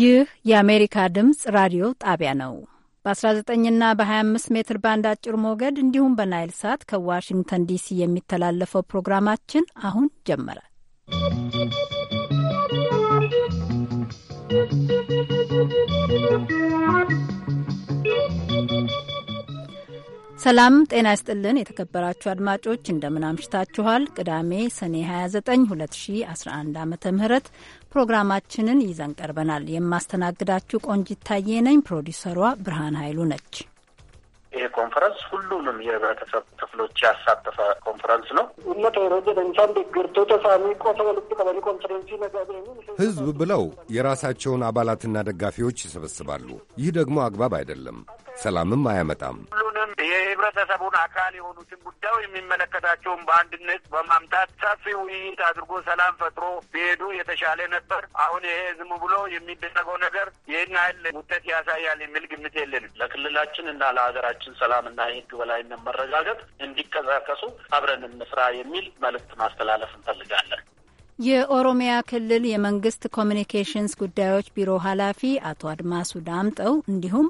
ይህ የአሜሪካ ድምፅ ራዲዮ ጣቢያ ነው። በ19ና በ25 ሜትር ባንድ አጭር ሞገድ እንዲሁም በናይል ሳት ከዋሽንግተን ዲሲ የሚተላለፈው ፕሮግራማችን አሁን ጀመረ። ሰላም ጤና ይስጥልን። የተከበራችሁ አድማጮች እንደምን አምሽታችኋል? ቅዳሜ ሰኔ 29 2011 ዓ ም ፕሮግራማችንን ይዘን ቀርበናል። የማስተናግዳችሁ ቆንጂት ታዬ ነኝ። ፕሮዲሰሯ ብርሃን ኃይሉ ነች። ይሄ ኮንፈረንስ ሁሉንም የህብረተሰብ ክፍሎች ያሳተፈ ኮንፈረንስ ነው። ህዝብ ብለው የራሳቸውን አባላትና ደጋፊዎች ይሰበስባሉ። ይህ ደግሞ አግባብ አይደለም። ሰላምም አያመጣም። ሁሉንም የህብረተሰቡን አካል የሆኑትን ጉዳዩ የሚመለከታቸውን በአንድነት በማምጣት ሰፊ ውይይት አድርጎ ሰላም ፈጥሮ ቢሄዱ የተሻለ ነበር። አሁን ይሄ ዝም ብሎ የሚደረገው ነገር ይህን ያህል ውጤት ያሳያል የሚል ግምት የለንም። ለክልላችን እና ለሀገራችን ሰላምና የህግ በላይነት መረጋገጥ እንዲቀሳቀሱ አብረን እንስራ የሚል መልእክት ማስተላለፍ እንፈልጋለን። የኦሮሚያ ክልል የመንግስት ኮሚኒኬሽንስ ጉዳዮች ቢሮ ኃላፊ አቶ አድማሱ ዳምጠው እንዲሁም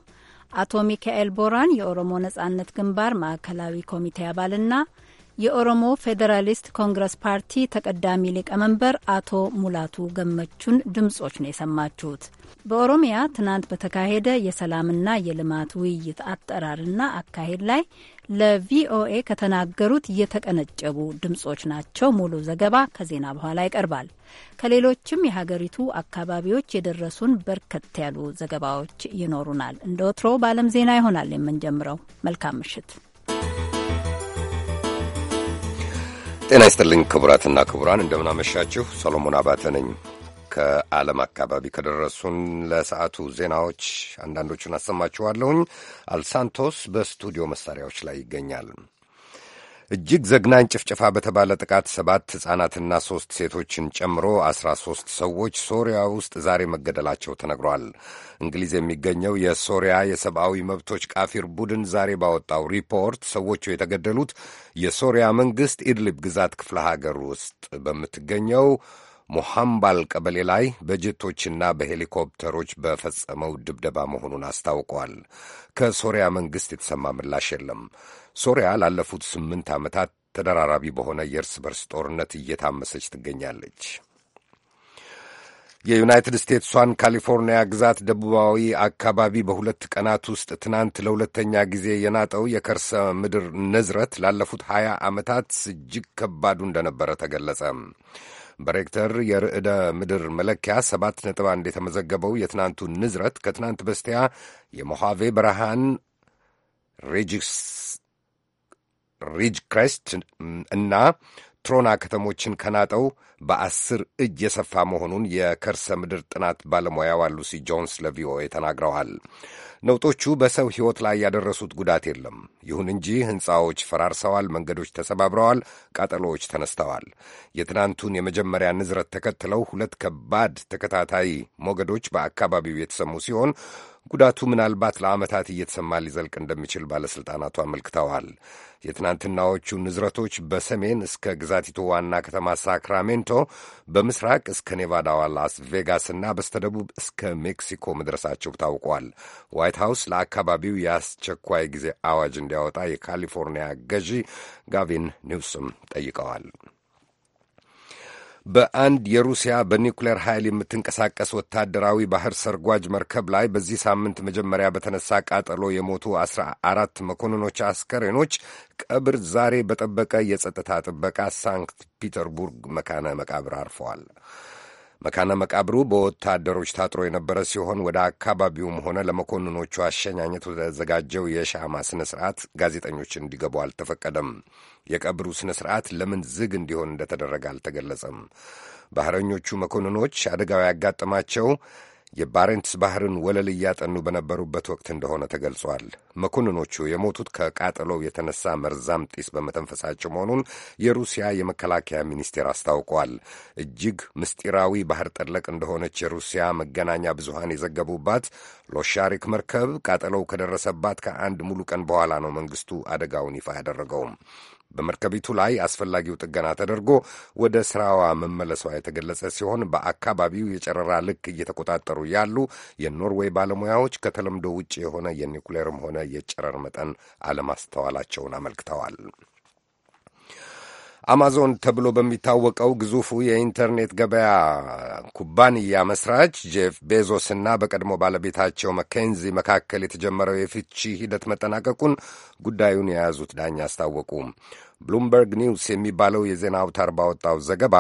አቶ ሚካኤል ቦራን የኦሮሞ ነጻነት ግንባር ማዕከላዊ ኮሚቴ አባልና የኦሮሞ ፌዴራሊስት ኮንግረስ ፓርቲ ተቀዳሚ ሊቀመንበር አቶ ሙላቱ ገመቹን ድምጾች ነው የሰማችሁት። በኦሮሚያ ትናንት በተካሄደ የሰላምና የልማት ውይይት አጠራርና አካሄድ ላይ ለቪኦኤ ከተናገሩት የተቀነጨቡ ድምጾች ናቸው። ሙሉ ዘገባ ከዜና በኋላ ይቀርባል። ከሌሎችም የሀገሪቱ አካባቢዎች የደረሱን በርከት ያሉ ዘገባዎች ይኖሩናል። እንደ ወትሮ በዓለም ዜና ይሆናል የምንጀምረው። መልካም ምሽት። ጤና ይስጥልኝ ክቡራትና ክቡራን፣ እንደምናመሻችሁ። ሰሎሞን አባተ ነኝ። ከዓለም አካባቢ ከደረሱን ለሰዓቱ ዜናዎች አንዳንዶቹን አሰማችኋለሁኝ። አልሳንቶስ በስቱዲዮ መሳሪያዎች ላይ ይገኛል። እጅግ ዘግናኝ ጭፍጨፋ በተባለ ጥቃት ሰባት ሕፃናትና ሦስት ሴቶችን ጨምሮ አስራ ሦስት ሰዎች ሶሪያ ውስጥ ዛሬ መገደላቸው ተነግሯል። እንግሊዝ የሚገኘው የሶሪያ የሰብአዊ መብቶች ቃፊር ቡድን ዛሬ ባወጣው ሪፖርት ሰዎቹ የተገደሉት የሶሪያ መንግሥት ኢድሊብ ግዛት ክፍለ ሀገር ውስጥ በምትገኘው ሞሐምባል ቀበሌ ላይ በጀቶችና በሄሊኮፕተሮች በፈጸመው ድብደባ መሆኑን አስታውቋል። ከሶሪያ መንግሥት የተሰማ ምላሽ የለም። ሶሪያ ላለፉት ስምንት ዓመታት ተደራራቢ በሆነ የእርስ በርስ ጦርነት እየታመሰች ትገኛለች። የዩናይትድ ስቴትሷን ካሊፎርኒያ ግዛት ደቡባዊ አካባቢ በሁለት ቀናት ውስጥ ትናንት ለሁለተኛ ጊዜ የናጠው የከርሰ ምድር ንዝረት ላለፉት ሀያ ዓመታት እጅግ ከባዱ እንደነበረ ተገለጸ። በሬክተር የርዕደ ምድር መለኪያ ሰባት 7.1 የተመዘገበው የትናንቱ ንዝረት ከትናንት በስቲያ የሞሃቬ በረሃን ሪጅ ክሬስት እና ትሮና ከተሞችን ከናጠው በአስር እጅ የሰፋ መሆኑን የከርሰ ምድር ጥናት ባለሙያዋ ሉሲ ጆንስ ለቪኦኤ ተናግረዋል። ነውጦቹ በሰው ሕይወት ላይ ያደረሱት ጉዳት የለም። ይሁን እንጂ ሕንፃዎች ፈራርሰዋል፣ መንገዶች ተሰባብረዋል፣ ቃጠሎዎች ተነስተዋል። የትናንቱን የመጀመሪያ ንዝረት ተከትለው ሁለት ከባድ ተከታታይ ሞገዶች በአካባቢው የተሰሙ ሲሆን ጉዳቱ ምናልባት ለዓመታት እየተሰማ ሊዘልቅ እንደሚችል ባለሥልጣናቱ አመልክተዋል። የትናንትናዎቹ ንዝረቶች በሰሜን እስከ ግዛቲቱ ዋና ከተማ ሳክራሜንቶ፣ በምስራቅ እስከ ኔቫዳዋ ላስ ቬጋስና በስተደቡብ እስከ ሜክሲኮ መድረሳቸው ታውቋል። ዋይት ሀውስ ለአካባቢው የአስቸኳይ ጊዜ አዋጅ እንዲያወጣ የካሊፎርኒያ ገዢ ጋቪን ኒውስም ጠይቀዋል። በአንድ የሩሲያ በኒውክሌር ኃይል የምትንቀሳቀስ ወታደራዊ ባህር ሰርጓጅ መርከብ ላይ በዚህ ሳምንት መጀመሪያ በተነሳ ቃጠሎ የሞቱ አስራ አራት መኮንኖች አስከሬኖች ቀብር ዛሬ በጠበቀ የጸጥታ ጥበቃ ሳንክት ፒተርቡርግ መካነ መቃብር አርፈዋል። መካነ መቃብሩ በወታደሮች ታጥሮ የነበረ ሲሆን ወደ አካባቢውም ሆነ ለመኮንኖቹ አሸኛኘት ወደተዘጋጀው የሻማ ስነ ስርዓት ጋዜጠኞች እንዲገቡ አልተፈቀደም። የቀብሩ ስነ ስርዓት ለምን ዝግ እንዲሆን እንደተደረገ አልተገለጸም። ባህረኞቹ መኮንኖች አደጋው ያጋጠማቸው የባሬንትስ ባህርን ወለል እያጠኑ በነበሩበት ወቅት እንደሆነ ተገልጿል። መኮንኖቹ የሞቱት ከቃጠሎው የተነሳ መርዛም ጢስ በመተንፈሳቸው መሆኑን የሩሲያ የመከላከያ ሚኒስቴር አስታውቋል። እጅግ ምስጢራዊ ባህር ጠለቅ እንደሆነች የሩሲያ መገናኛ ብዙሃን የዘገቡባት ሎሻሪክ መርከብ ቃጠሎው ከደረሰባት ከአንድ ሙሉ ቀን በኋላ ነው መንግስቱ አደጋውን ይፋ ያደረገውም። በመርከቢቱ ላይ አስፈላጊው ጥገና ተደርጎ ወደ ስራዋ መመለሷ የተገለጸ ሲሆን በአካባቢው የጨረራ ልክ እየተቆጣጠሩ ያሉ የኖርዌይ ባለሙያዎች ከተለምዶ ውጭ የሆነ የኒኩሌርም ሆነ የጨረር መጠን አለማስተዋላቸውን አመልክተዋል። አማዞን ተብሎ በሚታወቀው ግዙፉ የኢንተርኔት ገበያ ኩባንያ መስራች ጄፍ ቤዞስና በቀድሞ ባለቤታቸው መኬንዚ መካከል የተጀመረው የፍቺ ሂደት መጠናቀቁን ጉዳዩን የያዙት ዳኛ አስታወቁ። ብሉምበርግ ኒውስ የሚባለው የዜና አውታር ባወጣው ዘገባ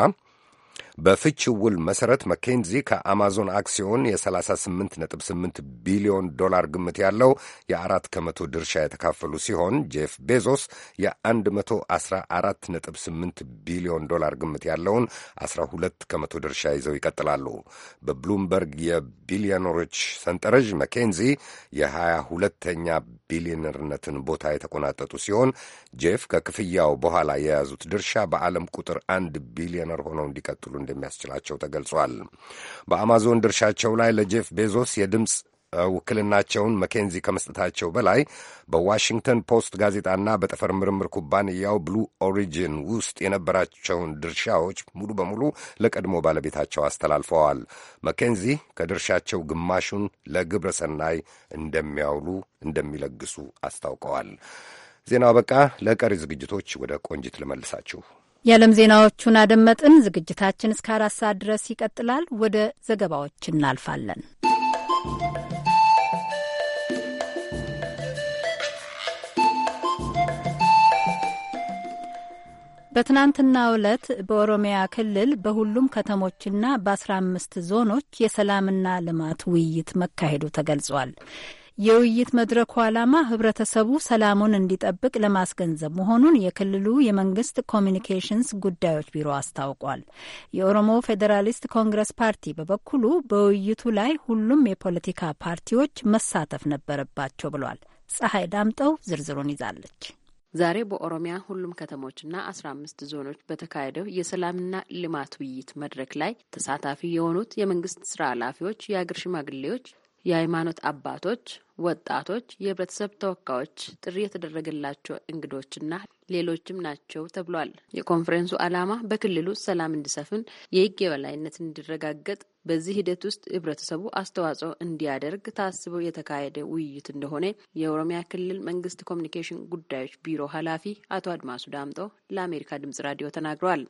በፍቺው ውል መሠረት መኬንዚ ከአማዞን አክሲዮን የ38.8 ቢሊዮን ዶላር ግምት ያለው የአራት ከመቶ ድርሻ የተካፈሉ ሲሆን ጄፍ ቤዞስ የ114.8 ቢሊዮን ዶላር ግምት ያለውን 12 ከመቶ ድርሻ ይዘው ይቀጥላሉ። በብሉምበርግ የቢሊዮነሮች ሰንጠረዥ መኬንዚ የ22ተኛ ቢሊዮነርነትን ቦታ የተቆናጠጡ ሲሆን ጄፍ ከክፍያው በኋላ የያዙት ድርሻ በዓለም ቁጥር አንድ ቢሊዮነር ሆነው እንዲቀጥሉ እንደሚያስችላቸው ተገልጿል። በአማዞን ድርሻቸው ላይ ለጄፍ ቤዞስ የድምፅ ውክልናቸውን መኬንዚ ከመስጠታቸው በላይ በዋሽንግተን ፖስት ጋዜጣና በጠፈር ምርምር ኩባንያው ብሉ ኦሪጂን ውስጥ የነበራቸውን ድርሻዎች ሙሉ በሙሉ ለቀድሞ ባለቤታቸው አስተላልፈዋል። መኬንዚ ከድርሻቸው ግማሹን ለግብረ ሰናይ እንደሚያውሉ እንደሚለግሱ አስታውቀዋል። ዜናው በቃ። ለቀሪ ዝግጅቶች ወደ ቆንጅት ልመልሳችሁ። የዓለም ዜናዎቹን አደመጥን። ዝግጅታችን እስከ አራት ሰዓት ድረስ ይቀጥላል። ወደ ዘገባዎች እናልፋለን። በትናንትና ዕለት በኦሮሚያ ክልል በሁሉም ከተሞችና በአስራ አምስት ዞኖች የሰላምና ልማት ውይይት መካሄዱ ተገልጿል። የውይይት መድረኩ ዓላማ ህብረተሰቡ ሰላሙን እንዲጠብቅ ለማስገንዘብ መሆኑን የክልሉ የመንግስት ኮሚኒኬሽንስ ጉዳዮች ቢሮ አስታውቋል። የኦሮሞ ፌዴራሊስት ኮንግረስ ፓርቲ በበኩሉ በውይይቱ ላይ ሁሉም የፖለቲካ ፓርቲዎች መሳተፍ ነበረባቸው ብሏል። ፀሐይ ዳምጠው ዝርዝሩን ይዛለች። ዛሬ በኦሮሚያ ሁሉም ከተሞችና አስራ አምስት ዞኖች በተካሄደው የሰላምና ልማት ውይይት መድረክ ላይ ተሳታፊ የሆኑት የመንግስት ስራ ኃላፊዎች፣ የአገር ሽማግሌዎች፣ የሃይማኖት አባቶች፣ ወጣቶች፣ የህብረተሰብ ተወካዮች፣ ጥሪ የተደረገላቸው እንግዶችና ሌሎችም ናቸው ተብሏል። የኮንፈረንሱ ዓላማ በክልሉ ሰላም እንዲሰፍን፣ የህግ የበላይነት እንዲረጋገጥ፣ በዚህ ሂደት ውስጥ ህብረተሰቡ አስተዋጽኦ እንዲያደርግ ታስቦ የተካሄደ ውይይት እንደሆነ የኦሮሚያ ክልል መንግስት ኮሚኒኬሽን ጉዳዮች ቢሮ ኃላፊ አቶ አድማሱ ዳምጦ ለአሜሪካ ድምጽ ራዲዮ ተናግረዋል።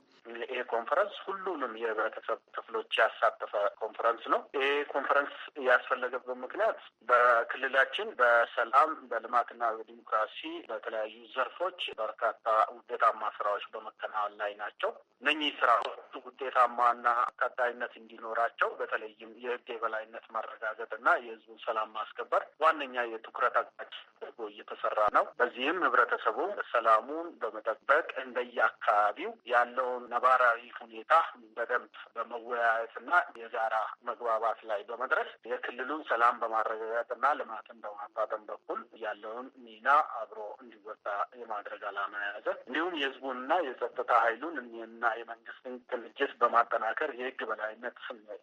ኮንፈረንስ ሁሉንም የህብረተሰብ ክፍሎች ያሳተፈ ኮንፈረንስ ነው። ይህ ኮንፈረንስ ያስፈለገበት ምክንያት በክልላችን በሰላም በልማትና በዲሞክራሲ በተለያዩ ዘርፎች በርካታ ውጤታማ ስራዎች በመከናወን ላይ ናቸው። እነኚህ ስራዎች ውጤታማና ቀጣይነት እንዲኖራቸው በተለይም የህግ የበላይነት ማረጋገጥና የህዝቡን ሰላም ማስከበር ዋነኛ የትኩረት አቅጣጫ አድርጎ እየተሰራ ነው። በዚህም ህብረተሰቡ ሰላሙን በመጠበቅ እንደየአካባቢው ያለውን ነባራዊ ሁኔታ በደንብ በመወያየትና የጋራ መግባባት ላይ በመድረስ የክልሉን ሰላም በማረጋገጥና ልማትን በማፋጠን በኩል ያለውን ሚና አብሮ እንዲወጣ የማድረግ ዓላማ የያዘ እንዲሁም የህዝቡንና የጸጥታ ኃይሉን እና የመንግስትን ቅንጅት በማጠናከር የህግ በላይነት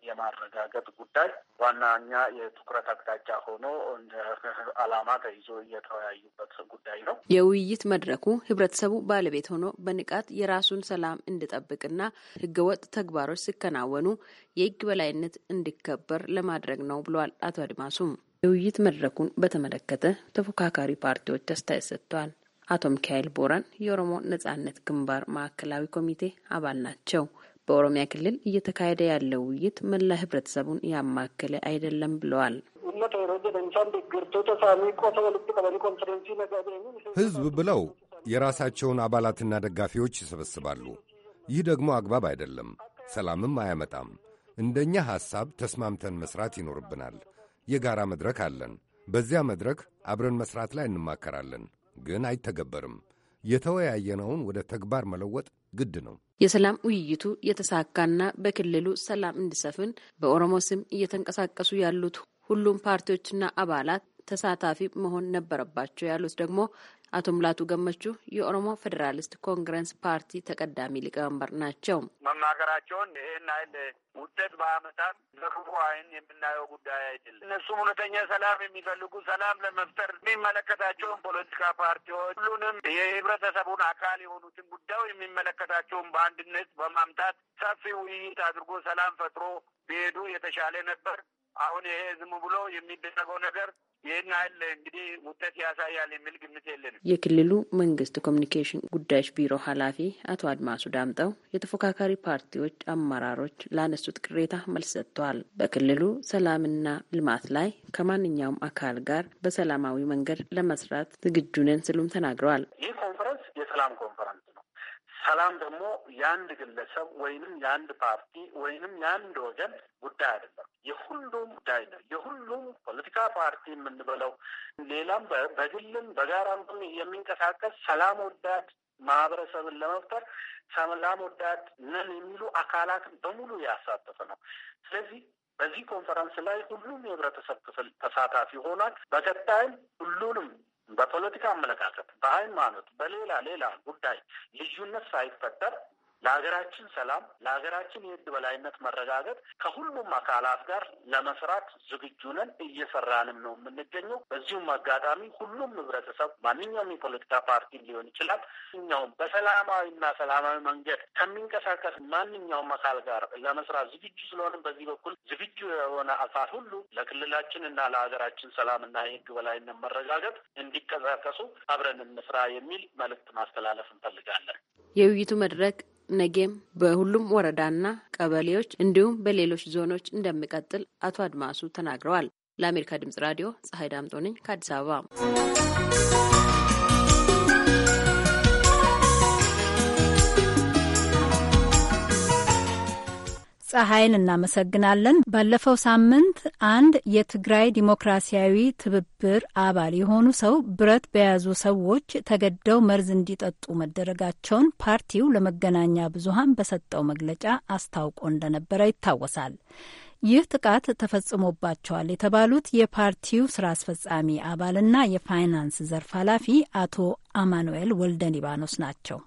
የማረጋገጥ ጉዳይ ዋናኛ የትኩረት አቅጣጫ ሆኖ እንደ ዓላማ ተይዞ እየተወያዩበት ጉዳይ ነው። የውይይት መድረኩ ህብረተሰቡ ባለቤት ሆኖ በንቃት የራሱን ሰላም እንዲጠብቅና ህገወጥ ተግባሮች ሲከናወኑ የህግ በላይነት እንዲከበር ለማድረግ ነው ብሏል አቶ አድማሱም። የውይይት መድረኩን በተመለከተ ተፎካካሪ ፓርቲዎች አስተያየት ሰጥተዋል። አቶ ሚካኤል ቦረን የኦሮሞ ነጻነት ግንባር ማዕከላዊ ኮሚቴ አባል ናቸው። በኦሮሚያ ክልል እየተካሄደ ያለው ውይይት መላ ህብረተሰቡን ያማከለ አይደለም ብለዋል። ህዝብ ብለው የራሳቸውን አባላትና ደጋፊዎች ይሰበስባሉ። ይህ ደግሞ አግባብ አይደለም፣ ሰላምም አያመጣም። እንደኛ ሐሳብ ተስማምተን መሥራት ይኖርብናል። የጋራ መድረክ አለን። በዚያ መድረክ አብረን መሥራት ላይ እንማከራለን፣ ግን አይተገበርም። የተወያየነውን ወደ ተግባር መለወጥ ግድ ነው። የሰላም ውይይቱ የተሳካና በክልሉ ሰላም እንዲሰፍን በኦሮሞ ስም እየተንቀሳቀሱ ያሉት ሁሉም ፓርቲዎችና አባላት ተሳታፊ መሆን ነበረባቸው ያሉት ደግሞ አቶ ሙላቱ ገመቹ የኦሮሞ ፌዴራሊስት ኮንግረስ ፓርቲ ተቀዳሚ ሊቀመንበር ናቸው። መማከራቸውን ይህን አይል ውጤት በአመታት በክፉ አይን የምናየው ጉዳይ አይደለም። እነሱ እውነተኛ ሰላም የሚፈልጉ ሰላም ለመፍጠር የሚመለከታቸውን ፖለቲካ ፓርቲዎች፣ ሁሉንም የህብረተሰቡን አካል የሆኑትን ጉዳዩ የሚመለከታቸውን በአንድነት በማምጣት ሰፊ ውይይት አድርጎ ሰላም ፈጥሮ ቢሄዱ የተሻለ ነበር። አሁን ይሄ ዝም ብሎ የሚደረገው ነገር ይህን ያህል እንግዲህ ውጤት ያሳያል የሚል ግምት የለንም። የክልሉ መንግስት ኮሚኒኬሽን ጉዳዮች ቢሮ ኃላፊ አቶ አድማሱ ዳምጠው የተፎካካሪ ፓርቲዎች አመራሮች ላነሱት ቅሬታ መልስ ሰጥተዋል። በክልሉ ሰላምና ልማት ላይ ከማንኛውም አካል ጋር በሰላማዊ መንገድ ለመስራት ዝግጁ ነን ስሉም ተናግረዋል። ይህ ኮንፈረንስ የሰላም ኮንፈረንስ ሰላም ደግሞ የአንድ ግለሰብ ወይንም የአንድ ፓርቲ ወይንም የአንድ ወገን ጉዳይ አይደለም፣ የሁሉም ጉዳይ ነው። የሁሉም ፖለቲካ ፓርቲ የምንበለው ሌላም በግልም በጋራም የሚንቀሳቀስ ሰላም ወዳድ ማህበረሰብን ለመፍጠር ሰላም ወዳድ ነን የሚሉ አካላትን በሙሉ ያሳተፈ ነው። ስለዚህ በዚህ ኮንፈረንስ ላይ ሁሉም የህብረተሰብ ክፍል ተሳታፊ ሆኗል። በቀጣይም ሁሉንም በፖለቲካ አመለካከት፣ በሃይማኖት፣ በሌላ ሌላ ጉዳይ ልዩነት ሳይፈጠር ለሀገራችን ሰላም፣ ለሀገራችን የህግ በላይነት መረጋገጥ ከሁሉም አካላት ጋር ለመስራት ዝግጁ ነን፣ እየሰራንም ነው የምንገኘው። በዚሁም አጋጣሚ ሁሉም ህብረተሰብ፣ ማንኛውም የፖለቲካ ፓርቲ ሊሆን ይችላል፣ እኛውም በሰላማዊና ሰላማዊ መንገድ ከሚንቀሳቀስ ማንኛውም አካል ጋር ለመስራት ዝግጁ ስለሆንም በዚህ በኩል ዝግጁ የሆነ አካል ሁሉ ለክልላችን እና ለሀገራችን ሰላምና የህግ በላይነት መረጋገጥ እንዲቀሳቀሱ አብረን እንስራ የሚል መልእክት ማስተላለፍ እንፈልጋለን። የውይይቱ መድረክ ነገም በሁሉም ወረዳና ቀበሌዎች እንዲሁም በሌሎች ዞኖች እንደሚቀጥል አቶ አድማሱ ተናግረዋል። ለአሜሪካ ድምጽ ራዲዮ ፀሐይ ዳምጦ ነኝ ከአዲስ አበባ ፀሐይን እናመሰግናለን። ባለፈው ሳምንት አንድ የትግራይ ዲሞክራሲያዊ ትብብር አባል የሆኑ ሰው ብረት በያዙ ሰዎች ተገደው መርዝ እንዲጠጡ መደረጋቸውን ፓርቲው ለመገናኛ ብዙሃን በሰጠው መግለጫ አስታውቆ እንደነበረ ይታወሳል። ይህ ጥቃት ተፈጽሞባቸዋል የተባሉት የፓርቲው ስራ አስፈጻሚ አባልና የፋይናንስ ዘርፍ ኃላፊ አቶ አማኑኤል ወልደ ሊባኖስ ናቸው።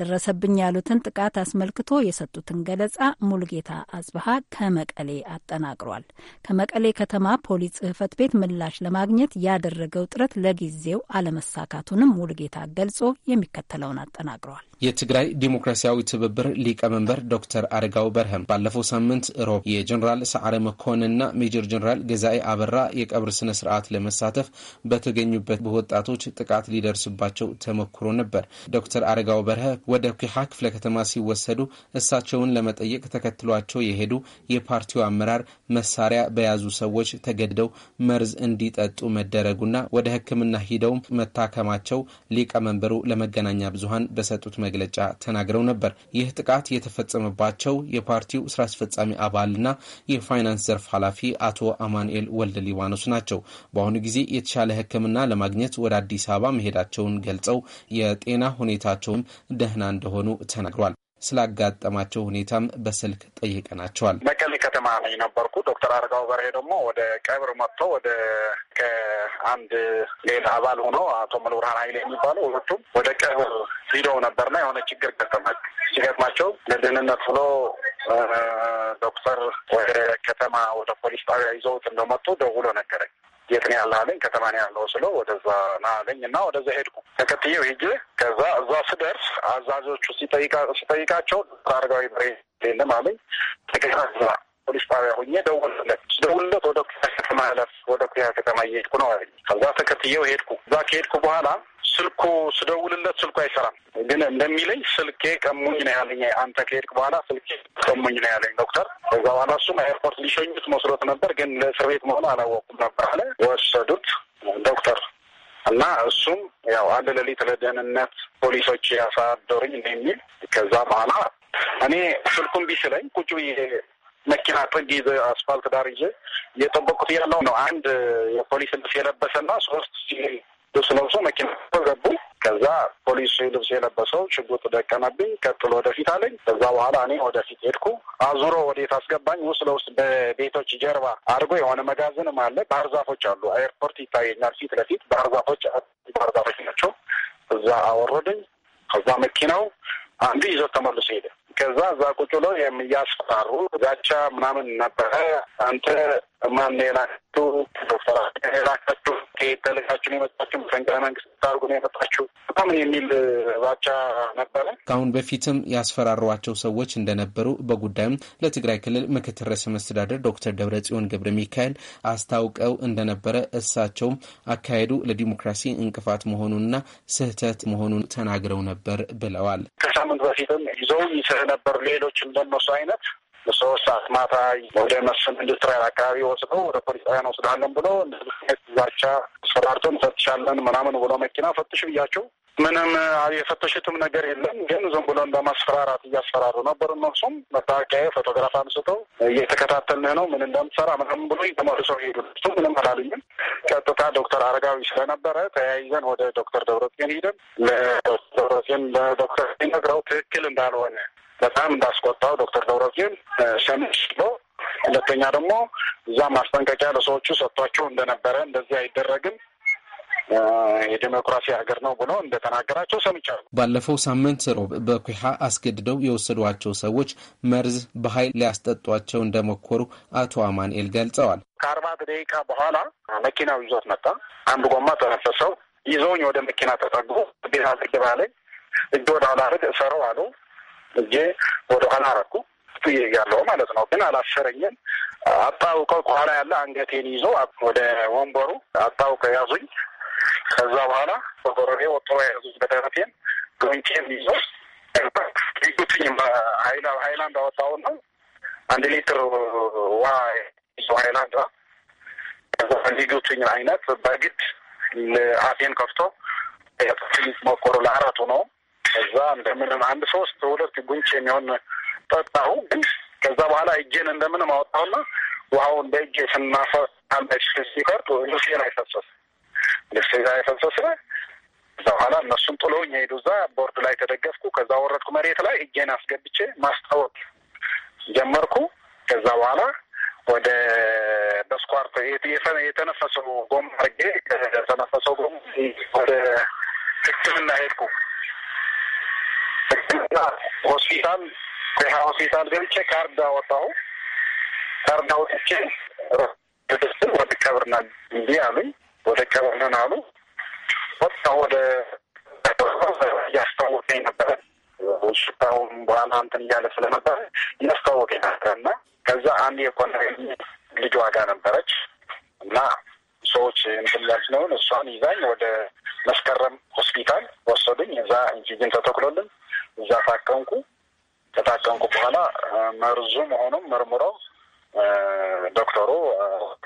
ደረሰብኝ ያሉትን ጥቃት አስመልክቶ የሰጡትን ገለጻ ሙልጌታ አጽብሃ ከመቀሌ አጠናቅሯል። ከመቀሌ ከተማ ፖሊስ ጽህፈት ቤት ምላሽ ለማግኘት ያደረገው ጥረት ለጊዜው አለመሳካቱንም ሙልጌታ ገልጾ የሚከተለውን አጠናቅሯል። የትግራይ ዲሞክራሲያዊ ትብብር ሊቀመንበር ዶክተር አረጋው በርሀም ባለፈው ሳምንት ሮብ የጀኔራል ሰዓረ መኮንና ሜጀር ጀኔራል ገዛኤ አበራ የቀብር ስነ ስርዓት ለመሳተፍ በተገኙበት በወጣቶች ጥቃት ሊደርስባቸው ተሞክሮ ነበር። ዶክተር አረጋው በርሀ ወደ ኩሃ ክፍለ ከተማ ሲወሰዱ እሳቸውን ለመጠየቅ ተከትሏቸው የሄዱ የፓርቲው አመራር መሳሪያ በያዙ ሰዎች ተገድደው መርዝ እንዲጠጡ መደረጉና ወደ ሕክምና ሂደው መታከማቸው ሊቀመንበሩ ለመገናኛ ብዙሀን በሰጡት መግለጫ ተናግረው ነበር። ይህ ጥቃት የተፈጸመባቸው የፓርቲው ስራ አስፈጻሚ አባልና የፋይናንስ ዘርፍ ኃላፊ አቶ አማኑኤል ወልደ ሊባኖስ ናቸው። በአሁኑ ጊዜ የተሻለ ሕክምና ለማግኘት ወደ አዲስ አበባ መሄዳቸውን ገልጸው የጤና ሁኔታቸውን ደህ ደህና እንደሆኑ ተናግሯል። ስላጋጠማቸው ሁኔታም በስልክ ጠይቀናቸዋል። መቀሌ ከተማ ላይ ነበርኩ። ዶክተር አርጋው በርሄ ደግሞ ወደ ቀብር መጥቶ ወደ ከአንድ ሌላ አባል ሆኖ አቶ ሙሉ ብርሃን ኃይሌ የሚባሉ ሁለቱም ወደ ቀብር ሂደው ነበርና የሆነ ችግር ገጠማቸው። ሲገጥማቸው ለደህንነት ብሎ ዶክተር ወደ ከተማ ወደ ፖሊስ ጣቢያ ይዘውት እንደመጡ ደውሎ ነገረኝ። የት ነው ያለ አለኝ። ከተማ ነው ያለው ስለ ወደዛ ና አለኝ እና ወደዛ ሄድኩ። ተከትዬው ሄጄ ከዛ እዛ ስደርስ አዛዦቹ ሲጠይቃቸው አረጋዊ በሬ የለም አለኝ። ተገዛ ፖሊስ ጣቢያ ሁኜ ደውልለት ደውልለት ወደ ኩያ ከተማ ለፍ ወደ ኩያ ከተማ እየሄድኩ ነው አለኝ። ከዛ ተከትዬው ሄድኩ። እዛ ከሄድኩ በኋላ ስልኩ ስደውልለት ስልኩ አይሰራም። ግን እንደሚለኝ ስልኬ ቀሙኝ ነው ያለኝ። አንተ ከሄድክ በኋላ ስልኬ ቀሙኝ ነው ያለኝ ዶክተር። ከዛ በኋላ እሱም ኤርፖርት ሊሸኙት መስሎት ነበር፣ ግን ለእስር ቤት መሆኑ አላወቁም ነበር አለ። ወሰዱት ዶክተር እና እሱም ያው አንድ ሌሊት ለደህንነት ፖሊሶች ያሳደሩኝ እንደ የሚል። ከዛ በኋላ እኔ ስልኩን ቢስለኝ ቁጭ ብዬ መኪና ጥግ ይዘ አስፋልት ዳር ይዤ እየጠበቁት ያለው ነው አንድ የፖሊስ ልብስ የለበሰና ሶስት ሲቪል ልብስ ለብሶ መኪና ገቡ። ከዛ ፖሊስ ልብስ የለበሰው ሽጉጥ ደቀነብኝ። ቀጥሎ ወደፊት አለኝ። ከዛ በኋላ እኔ ወደፊት ሄድኩ። አዙሮ ወዴት አስገባኝ? ውስጥ ለውስጥ በቤቶች ጀርባ አድርጎ የሆነ መጋዘንም አለ። ባህር ዛፎች አሉ። ኤርፖርት ይታየኛል ፊት ለፊት ባህር ዛፎች፣ ባህር ዛፎች ናቸው። እዛ አወረደኝ። ከዛ መኪናው አንዱ ይዞ ተመልሶ ሄደ። ከዛ እዛ ቁጭ ብሎ የሚያስፈራሩ ዛቻ ምናምን ነበረ አንተ ማን የላካችሁ? ዶክተር የላካችሁ? ተልካችሁ ነው የመጣችሁ? መፈንቅለ መንግስት ታርጉ ነው የመጣችሁ? ምናምን የሚል ባቻ ነበረ። ከአሁን በፊትም ያስፈራሯቸው ሰዎች እንደነበሩ በጉዳዩም ለትግራይ ክልል ምክትል ርዕሰ መስተዳደር ዶክተር ደብረ ጽዮን ገብረ ሚካኤል አስታውቀው እንደነበረ እሳቸውም አካሄዱ ለዲሞክራሲ እንቅፋት መሆኑንና ስህተት መሆኑን ተናግረው ነበር ብለዋል። ከሳምንት በፊትም ይዘው ይስህ ነበር ሌሎች እንደነሱ አይነት ሶስት ሰዓት ማታ ወደ መስፍን ኢንዱስትሪያል አካባቢ ወስዶ ወደ ፖሊስ ጣቢያ እንወስዳለን ብሎ ዛቻ ስፈራርቶ እንፈትሻለን ምናምን ብሎ መኪና ፈትሽ ብያቸው ምንም የፈተሹትም ነገር የለም። ግን ዝም ብሎ እንደ ማስፈራራት እያስፈራሩ ነበር። እነሱም መታወቂያ ፎቶግራፍ አንስተው እየተከታተልን ነው ምን እንደምትሰራ ምናምን ብሎ ተመልሰው ሄዱ። እሱ ምንም አላሉኝም። ቀጥታ ዶክተር አረጋዊ ስለነበረ ተያይዘን ወደ ዶክተር ደብረጤን ሄደን ለዶክተር ደብረጤን ለዶክተር ነግረው ትክክል እንዳልሆነ በጣም እንዳስቆጣው ዶክተር ደብረጽዮን ሰምሽ ብሎ ሁለተኛ ደግሞ እዛ ማስጠንቀቂያ ለሰዎቹ ሰጥቷቸው እንደነበረ እንደዚህ አይደረግም የዴሞክራሲ ሀገር ነው ብሎ እንደተናገራቸው ሰምቻለሁ። ባለፈው ሳምንት ሮብ በኩሓ አስገድደው የወሰዷቸው ሰዎች መርዝ በኃይል ሊያስጠጧቸው እንደሞከሩ አቶ አማንኤል ገልጸዋል። ከአርባ ደቂቃ በኋላ መኪናው ይዞት መጣ። አንድ ጎማ ተነፈሰው። ይዘውኝ ወደ መኪና ተጠጉ ቤት አድርግ ላይ እጅ ወደ አላርግ እሰረው አሉ እጄ ወደኋላ አረኩ ጥዬ ያለው ማለት ነው። ግን አላሰረኝም። አጣውቀው ከኋላ ያለ አንገቴን ይዞ ወደ ወንበሩ አጣውቀው ያዙኝ። ከዛ በኋላ በጎረሬ ወጥቶ ያዙኝ። በደረቴን ግንጭም ይዞ ሊቁትኝ ሀይላንድ ነው አንድ ሊትር ውሃ ይዞ ሀይላንድ ሊጉትኝ አይነት በግድ አፌን ከፍቶ ሞክሮ ለአራቱ ነው ከዛ እንደምንም አንድ ሶስት ሁለት ጉንጭ የሚሆን ጠጣሁ። ግን ከዛ በኋላ እጄን እንደምንም አወጣሁና ውሃውን በእጄ ስናፈስ ሲፈርጥ ልብሴ ላይ ፈሰሰ። ልብሴ ላይ ፈሰሰ። ከዛ በኋላ እነሱም ጥሎኝ ሄዱ። እዛ ቦርድ ላይ ተደገፍኩ። ከዛ ወረድኩ መሬት ላይ እጄን አስገብቼ ማስታወቅ ጀመርኩ። ከዛ በኋላ ወደ በስኳርቶ የተነፈሰው ጎማ አድርጌ ከተነፈሰው ጎማ ወደ ሕክምና ሄድኩ። እና ሆስፒታል ሆስፒታል ገብቼ ካርድ አወጣሁ። ካርድ አወጥቼ ትክክል ወደ ቀብርና እንዲ አሉኝ። ወደ ቀብርነን አሉ ወጣ ወደ እያስታወቀኝ ነበረ። ሽታውን በኋላ እንትን እያለ ስለነበረ እያስታወቀኝ ነበረ እና ከዛ አንድ የኮነ ልጅ ዋጋ ነበረች እና ሰዎች እንትን ያልነውን እሷን ይዛኝ ወደ መስከረም ሆስፒታል ወሰዱኝ። እዛ ኢንሲጅን ተተክሎልን እዛ ታቀንኩ። ከታቀንኩ በኋላ መርዙ መሆኑም መርምሮ ዶክተሩ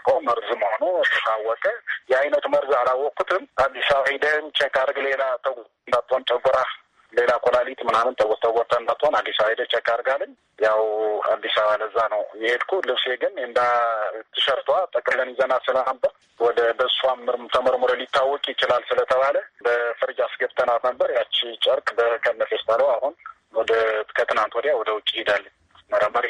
ቆ መርዝ መሆኑ ተታወቀ። የአይነቱ መርዝ አላወቅኩትም። አዲስ አበባ ሂደህም ቼክ አድርግ ሌላ ተጉ እንዳትሆን ጨጉራ ሌላ ኮላሊት ምናምን ተወ- ተወርታ እንዳትሆን አዲስ አበባ ሄደች ቸክ አድርጋለኝ። ያው አዲስ አበባ ለዛ ነው የሄድኩ። ልብሴ ግን እንዳ ቲሸርቷ ጠቅለን ይዘና ስለነበር ወደ በእሷም ተመርምሮ ሊታወቅ ይችላል ስለተባለ በፍርጅ አስገብተናት ነበር። ያቺ ጨርቅ በከነፌስታለው አሁን ወደ ከትናንት ወዲያ ወደ ውጭ ሄዳለች። መረመር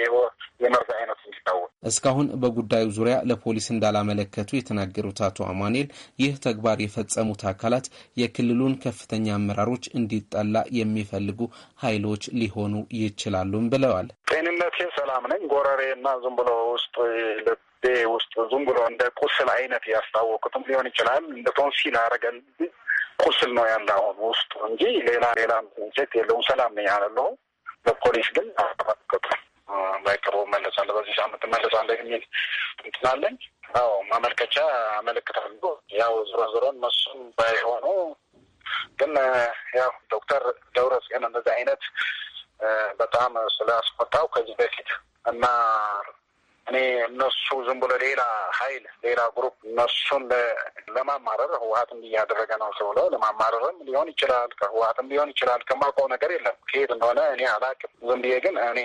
የመርዝ አይነት እንዲታወቅ እስካሁን በጉዳዩ ዙሪያ ለፖሊስ እንዳላመለከቱ የተናገሩት አቶ አማኔል ይህ ተግባር የፈጸሙት አካላት የክልሉን ከፍተኛ አመራሮች እንዲጠላ የሚፈልጉ ኃይሎች ሊሆኑ ይችላሉም ብለዋል። ጤንነቴ ሰላም ነኝ። ጎረሬ እና ዝም ብሎ ውስጥ ልቤ ውስጥ ዝም ብሎ እንደ ቁስል አይነት ያስታወቁትም ሊሆን ይችላል። እንደ ቶንሲል አረገን ቁስል ነው ያለ አሁን ውስጡ እንጂ ሌላ ሌላ ምንጀት የለውም። ሰላም ነኝ አለለሁ። ለፖሊስ ግን አመለከቱ በቅርቡ መለሳለ በዚህ ሳምንት መለሳለ የሚል እንትናለኝ። አዎ ማመልከቻ አመለክታለሁ። ያው ዞሮ ዞሮ እነሱም ባይሆኑ ግን ያው ዶክተር ደብረ ደብረጽዮን እንደዚህ አይነት በጣም ስላስቆጣው ከዚህ በፊት እና እኔ እነሱ ዝም ብሎ ሌላ ሀይል ሌላ ግሩፕ እነሱን ለማማረር ህወሀትም እያደረገ ነው ተብሎ ለማማረርም ሊሆን ይችላል፣ ከህወሀትም ሊሆን ይችላል። ከማውቀው ነገር የለም ከየት እንደሆነ እኔ አላቅም ዝም ብዬ ግን እኔ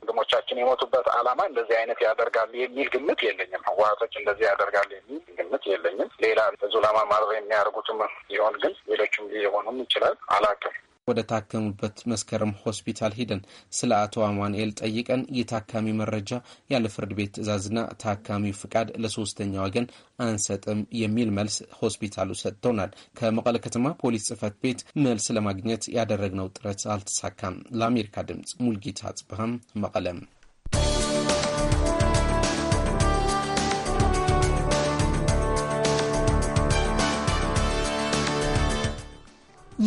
ወንድሞቻችን የሞቱበት አላማ እንደዚህ አይነት ያደርጋል የሚል ግምት የለኝም። ህወሀቶች እንደዚህ ያደርጋል የሚል ግምት የለኝም። ሌላ ብዙ ለማማረር የሚያደርጉትም ሊሆን ግን ሌሎችም ሊሆኑም ይችላል አላቅም። ወደ ታከሙበት መስከረም ሆስፒታል ሂደን ስለ አቶ አማንኤል ጠይቀን የታካሚ መረጃ ያለ ፍርድ ቤት ትዕዛዝና ታካሚ ፍቃድ ለሶስተኛ ወገን አንሰጥም የሚል መልስ ሆስፒታሉ ሰጥተውናል። ከመቀለ ከተማ ፖሊስ ጽፈት ቤት መልስ ለማግኘት ያደረግነው ጥረት አልተሳካም። ለአሜሪካ ድምጽ ሙልጌታ አጽብሃም መቀለም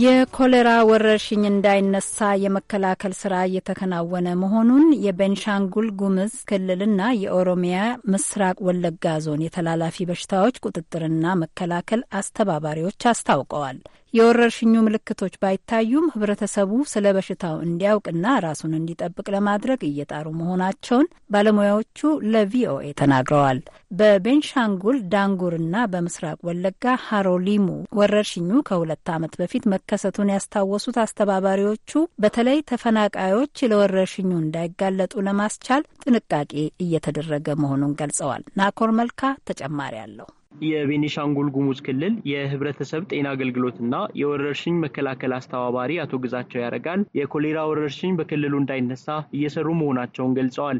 የኮሌራ ወረርሽኝ እንዳይነሳ የመከላከል ስራ እየተከናወነ መሆኑን የቤንሻንጉል ጉምዝ ክልልና የኦሮሚያ ምስራቅ ወለጋ ዞን የተላላፊ በሽታዎች ቁጥጥርና መከላከል አስተባባሪዎች አስታውቀዋል። የወረርሽኙ ምልክቶች ባይታዩም ህብረተሰቡ ስለ በሽታው እንዲያውቅና ራሱን እንዲጠብቅ ለማድረግ እየጣሩ መሆናቸውን ባለሙያዎቹ ለቪኦኤ ተናግረዋል። በቤንሻንጉል ዳንጉርና በምስራቅ ወለጋ ሃሮሊሙ ወረርሽኙ ከሁለት ዓመት በፊት መከሰቱን ያስታወሱት አስተባባሪዎቹ በተለይ ተፈናቃዮች ለወረርሽኙ እንዳይጋለጡ ለማስቻል ጥንቃቄ እየተደረገ መሆኑን ገልጸዋል። ናኮር መልካ ተጨማሪ አለው። የቤኒሻንጉል ጉሙዝ ክልል የህብረተሰብ ጤና አገልግሎትና የወረርሽኝ መከላከል አስተባባሪ አቶ ግዛቸው ያረጋል የኮሌራ ወረርሽኝ በክልሉ እንዳይነሳ እየሰሩ መሆናቸውን ገልጸዋል።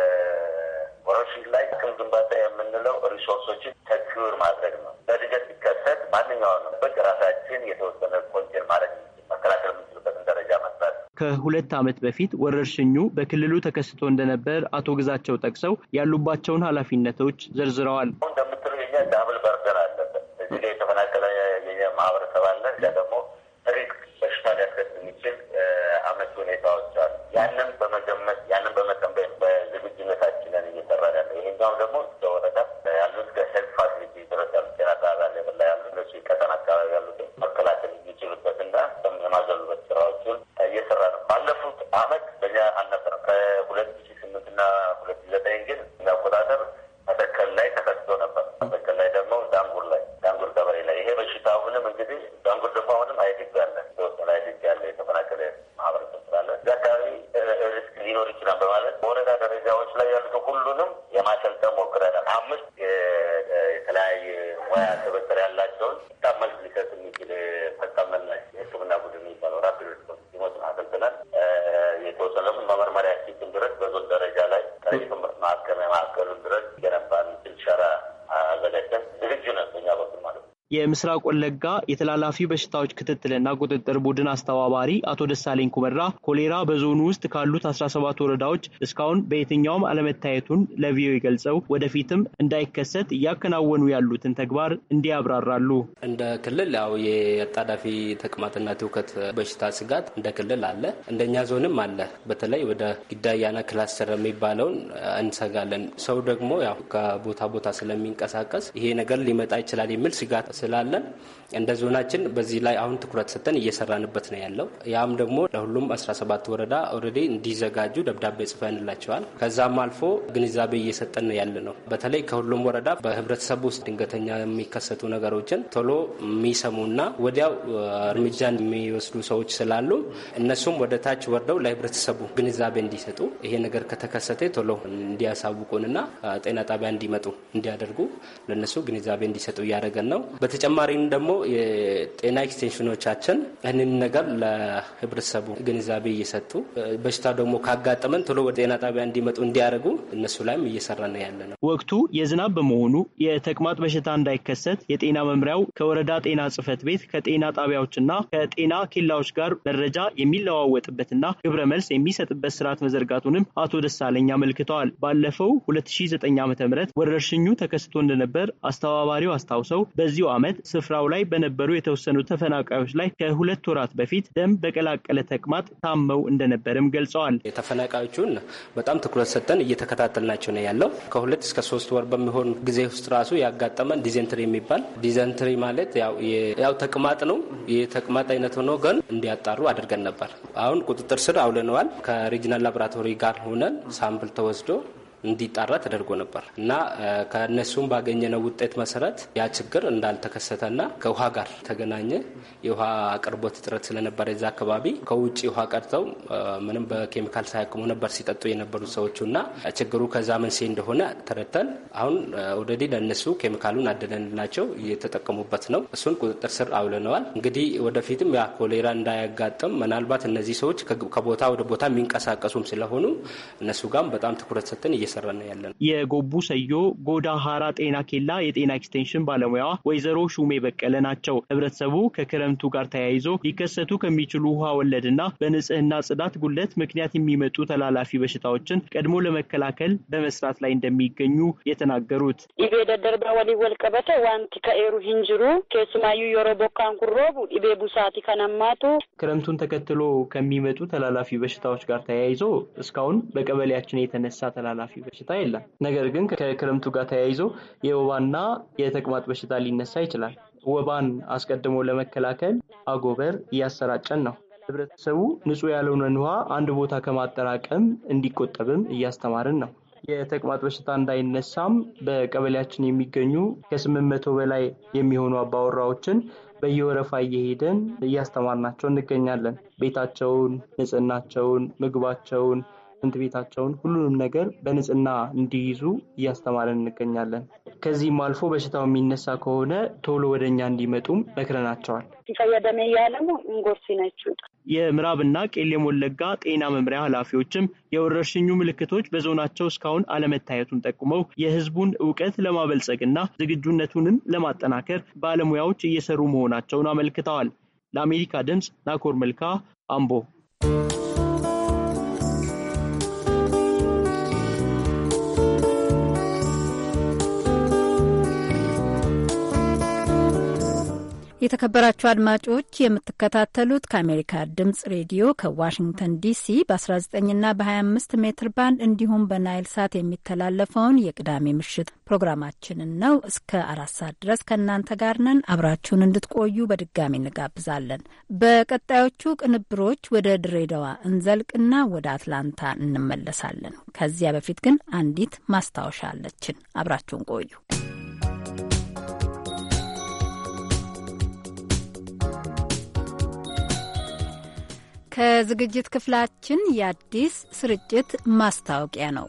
ፊልድ ላይ አቅም ግንባታ የምንለው ሪሶርሶችን ተኪር ማድረግ ነው። በድገት ሲከሰት ማንኛውንም በግ ራሳችን የተወሰነ ኮንቴን ማድረግ መከላከል የምንችልበትን ደረጃ መስራት። ከሁለት ዓመት በፊት ወረርሽኙ በክልሉ ተከስቶ እንደነበር አቶ ግዛቸው ጠቅሰው ያሉባቸውን ኃላፊነቶች ዘርዝረዋል። እንደምትለው የኛ 12 number 11. የምስራቅ ወለጋ የተላላፊ በሽታዎች ክትትልና ቁጥጥር ቡድን አስተባባሪ አቶ ደሳለኝ ኩመራ ኮሌራ በዞኑ ውስጥ ካሉት 17 ወረዳዎች እስካሁን በየትኛውም አለመታየቱን ለቪኦኤ ገልጸው ወደፊትም እንዳይከሰት እያከናወኑ ያሉትን ተግባር እንዲያብራራሉ። እንደ ክልል ያው የአጣዳፊ ተቅማጥና ትውከት በሽታ ስጋት እንደ ክልል አለ፣ እንደኛ ዞንም አለ። በተለይ ወደ ጊዳያና ክላስተር የሚባለውን እንሰጋለን። ሰው ደግሞ ያው ከቦታ ቦታ ስለሚንቀሳቀስ ይሄ ነገር ሊመጣ ይችላል የሚል ስጋት ስላ ስላለን እንደ ዞናችን በዚህ ላይ አሁን ትኩረት ሰጥተን እየሰራንበት ነው ያለው። ያም ደግሞ ለሁሉም 17 ወረዳ ኦልሬዲ እንዲዘጋጁ ደብዳቤ ጽፈንላቸዋል። ከዛም አልፎ ግንዛቤ እየሰጠን ነው ያለ ነው። በተለይ ከሁሉም ወረዳ በህብረተሰቡ ውስጥ ድንገተኛ የሚከሰቱ ነገሮችን ቶሎ የሚሰሙና ወዲያው እርምጃን የሚወስዱ ሰዎች ስላሉ እነሱም ወደ ታች ወርደው ለህብረተሰቡ ግንዛቤ እንዲሰጡ ይሄ ነገር ከተከሰተ ቶሎ እንዲያሳውቁንና ጤና ጣቢያ እንዲመጡ እንዲያደርጉ ለእነሱ ግንዛቤ እንዲሰጡ እያደረገን ነው። በተጨማሪም ደግሞ የጤና ኤክስቴንሽኖቻችን ይህንን ነገር ለህብረተሰቡ ግንዛቤ እየሰጡ በሽታ ደግሞ ካጋጠመን ቶሎ ወደ ጤና ጣቢያ እንዲመጡ እንዲያደርጉ እነሱ ላይም እየሰራ ነው ያለ ነው። ወቅቱ የዝናብ በመሆኑ የተቅማጥ በሽታ እንዳይከሰት የጤና መምሪያው ከወረዳ ጤና ጽህፈት ቤት ከጤና ጣቢያዎችና ከጤና ኬላዎች ጋር መረጃ የሚለዋወጥበትና ግብረ መልስ የሚሰጥበት ስርዓት መዘርጋቱንም አቶ ደሳለኝ አመልክተዋል። ባለፈው 2009 ዓ ም ወረርሽኙ ተከስቶ እንደነበር አስተባባሪው አስታውሰው በዚሁ ዓመት ስፍራው ላይ በነበሩ የተወሰኑ ተፈናቃዮች ላይ ከሁለት ወራት በፊት ደም በቀላቀለ ተቅማጥ ታመው እንደነበርም ገልጸዋል። የተፈናቃዮቹን በጣም ትኩረት ሰጠን እየተከታተልናቸው ነው ያለው። ከሁለት እስከ ሶስት ወር በሚሆን ጊዜ ውስጥ ራሱ ያጋጠመን ዲዘንትሪ የሚባል ዲዘንትሪ ማለት ያው ተቅማጥ ነው። የተቅማጥ አይነት ሆኖ ግን እንዲያጣሩ አድርገን ነበር። አሁን ቁጥጥር ስር አውለነዋል። ከሪጅናል ላቦራቶሪ ጋር ሆነን ሳምፕል ተወስዶ እንዲጣራ ተደርጎ ነበር እና ከእነሱም ባገኘነው ውጤት መሰረት ያ ችግር እንዳልተከሰተና ከውሃ ጋር ተገናኘ የውሃ አቅርቦት እጥረት ስለነበረ የዛ አካባቢ ከውጭ ውሃ ቀድተው ምንም በኬሚካል ሳያቅሙ ነበር ሲጠጡ የነበሩ ሰዎቹ እና ችግሩ ከዛ መንስኤ እንደሆነ ተረድተን አሁን ኦልሬዲ ለእነሱ ኬሚካሉን አደለንላቸው እየተጠቀሙበት ነው። እሱን ቁጥጥር ስር አውለነዋል። እንግዲህ ወደፊትም ያ ኮሌራ እንዳያጋጥም ምናልባት እነዚህ ሰዎች ከቦታ ወደ ቦታ የሚንቀሳቀሱም ስለሆኑ እነሱ ጋም በጣም ትኩረት ሰጥተን እየሰራ ነው ያለን። የጎቡ ሰዮ ጎዳ ሀራ ጤና ኬላ የጤና ኤክስቴንሽን ባለሙያዋ ወይዘሮ ሹሜ በቀለ ናቸው። ህብረተሰቡ ከክረምቱ ጋር ተያይዞ ሊከሰቱ ከሚችሉ ውሃ ወለድና በንጽህና ጽዳት ጉለት ምክንያት የሚመጡ ተላላፊ በሽታዎችን ቀድሞ ለመከላከል በመስራት ላይ እንደሚገኙ የተናገሩት ኢቤ ደደርባ ወሊ ወልቀበተ ዋንቲ ከኤሩ ሂንጅሩ ኬሱማዩ የሮቦካን ኩሮቡ ኢቤ ቡሳቲ ከነማቱ ክረምቱን ተከትሎ ከሚመጡ ተላላፊ በሽታዎች ጋር ተያይዞ እስካሁን በቀበሌያችን የተነሳ ተላላፊ በሽታ የለም። ነገር ግን ከክረምቱ ጋር ተያይዞ የወባና የተቅማጥ በሽታ ሊነሳ ይችላል። ወባን አስቀድሞ ለመከላከል አጎበር እያሰራጨን ነው። ህብረተሰቡ ንጹህ ያልሆነን ውሃ አንድ ቦታ ከማጠራቀም እንዲቆጠብም እያስተማርን ነው። የተቅማጥ በሽታ እንዳይነሳም በቀበሌያችን የሚገኙ ከስምንት መቶ በላይ የሚሆኑ አባወራዎችን በየወረፋ እየሄደን እያስተማርናቸው እንገኛለን። ቤታቸውን፣ ንጽህናቸውን፣ ምግባቸውን ሽንት ቤታቸውን ሁሉንም ነገር በንጽህና እንዲይዙ እያስተማረን እንገኛለን። ከዚህም አልፎ በሽታው የሚነሳ ከሆነ ቶሎ ወደ እኛ እንዲመጡም መክረናቸዋል። የምዕራብና ቄለም ወለጋ ጤና መምሪያ ኃላፊዎችም የወረርሽኙ ምልክቶች በዞናቸው እስካሁን አለመታየቱን ጠቁመው የህዝቡን እውቀት ለማበልጸግና ዝግጁነቱንም ለማጠናከር ባለሙያዎች እየሰሩ መሆናቸውን አመልክተዋል። ለአሜሪካ ድምፅ ናኮር መልካ አምቦ የተከበራችሁ አድማጮች የምትከታተሉት ከአሜሪካ ድምጽ ሬዲዮ ከዋሽንግተን ዲሲ በ19ና በ25 ሜትር ባንድ እንዲሁም በናይል ሳት የሚተላለፈውን የቅዳሜ ምሽት ፕሮግራማችንን ነው። እስከ አራት ሰዓት ድረስ ከእናንተ ጋር ነን። አብራችሁን እንድትቆዩ በድጋሚ እንጋብዛለን። በቀጣዮቹ ቅንብሮች ወደ ድሬዳዋ እንዘልቅና ወደ አትላንታ እንመለሳለን። ከዚያ በፊት ግን አንዲት ማስታወሻ አለችን። አብራችሁን ቆዩ። ከዝግጅት ክፍላችን የአዲስ ስርጭት ማስታወቂያ ነው።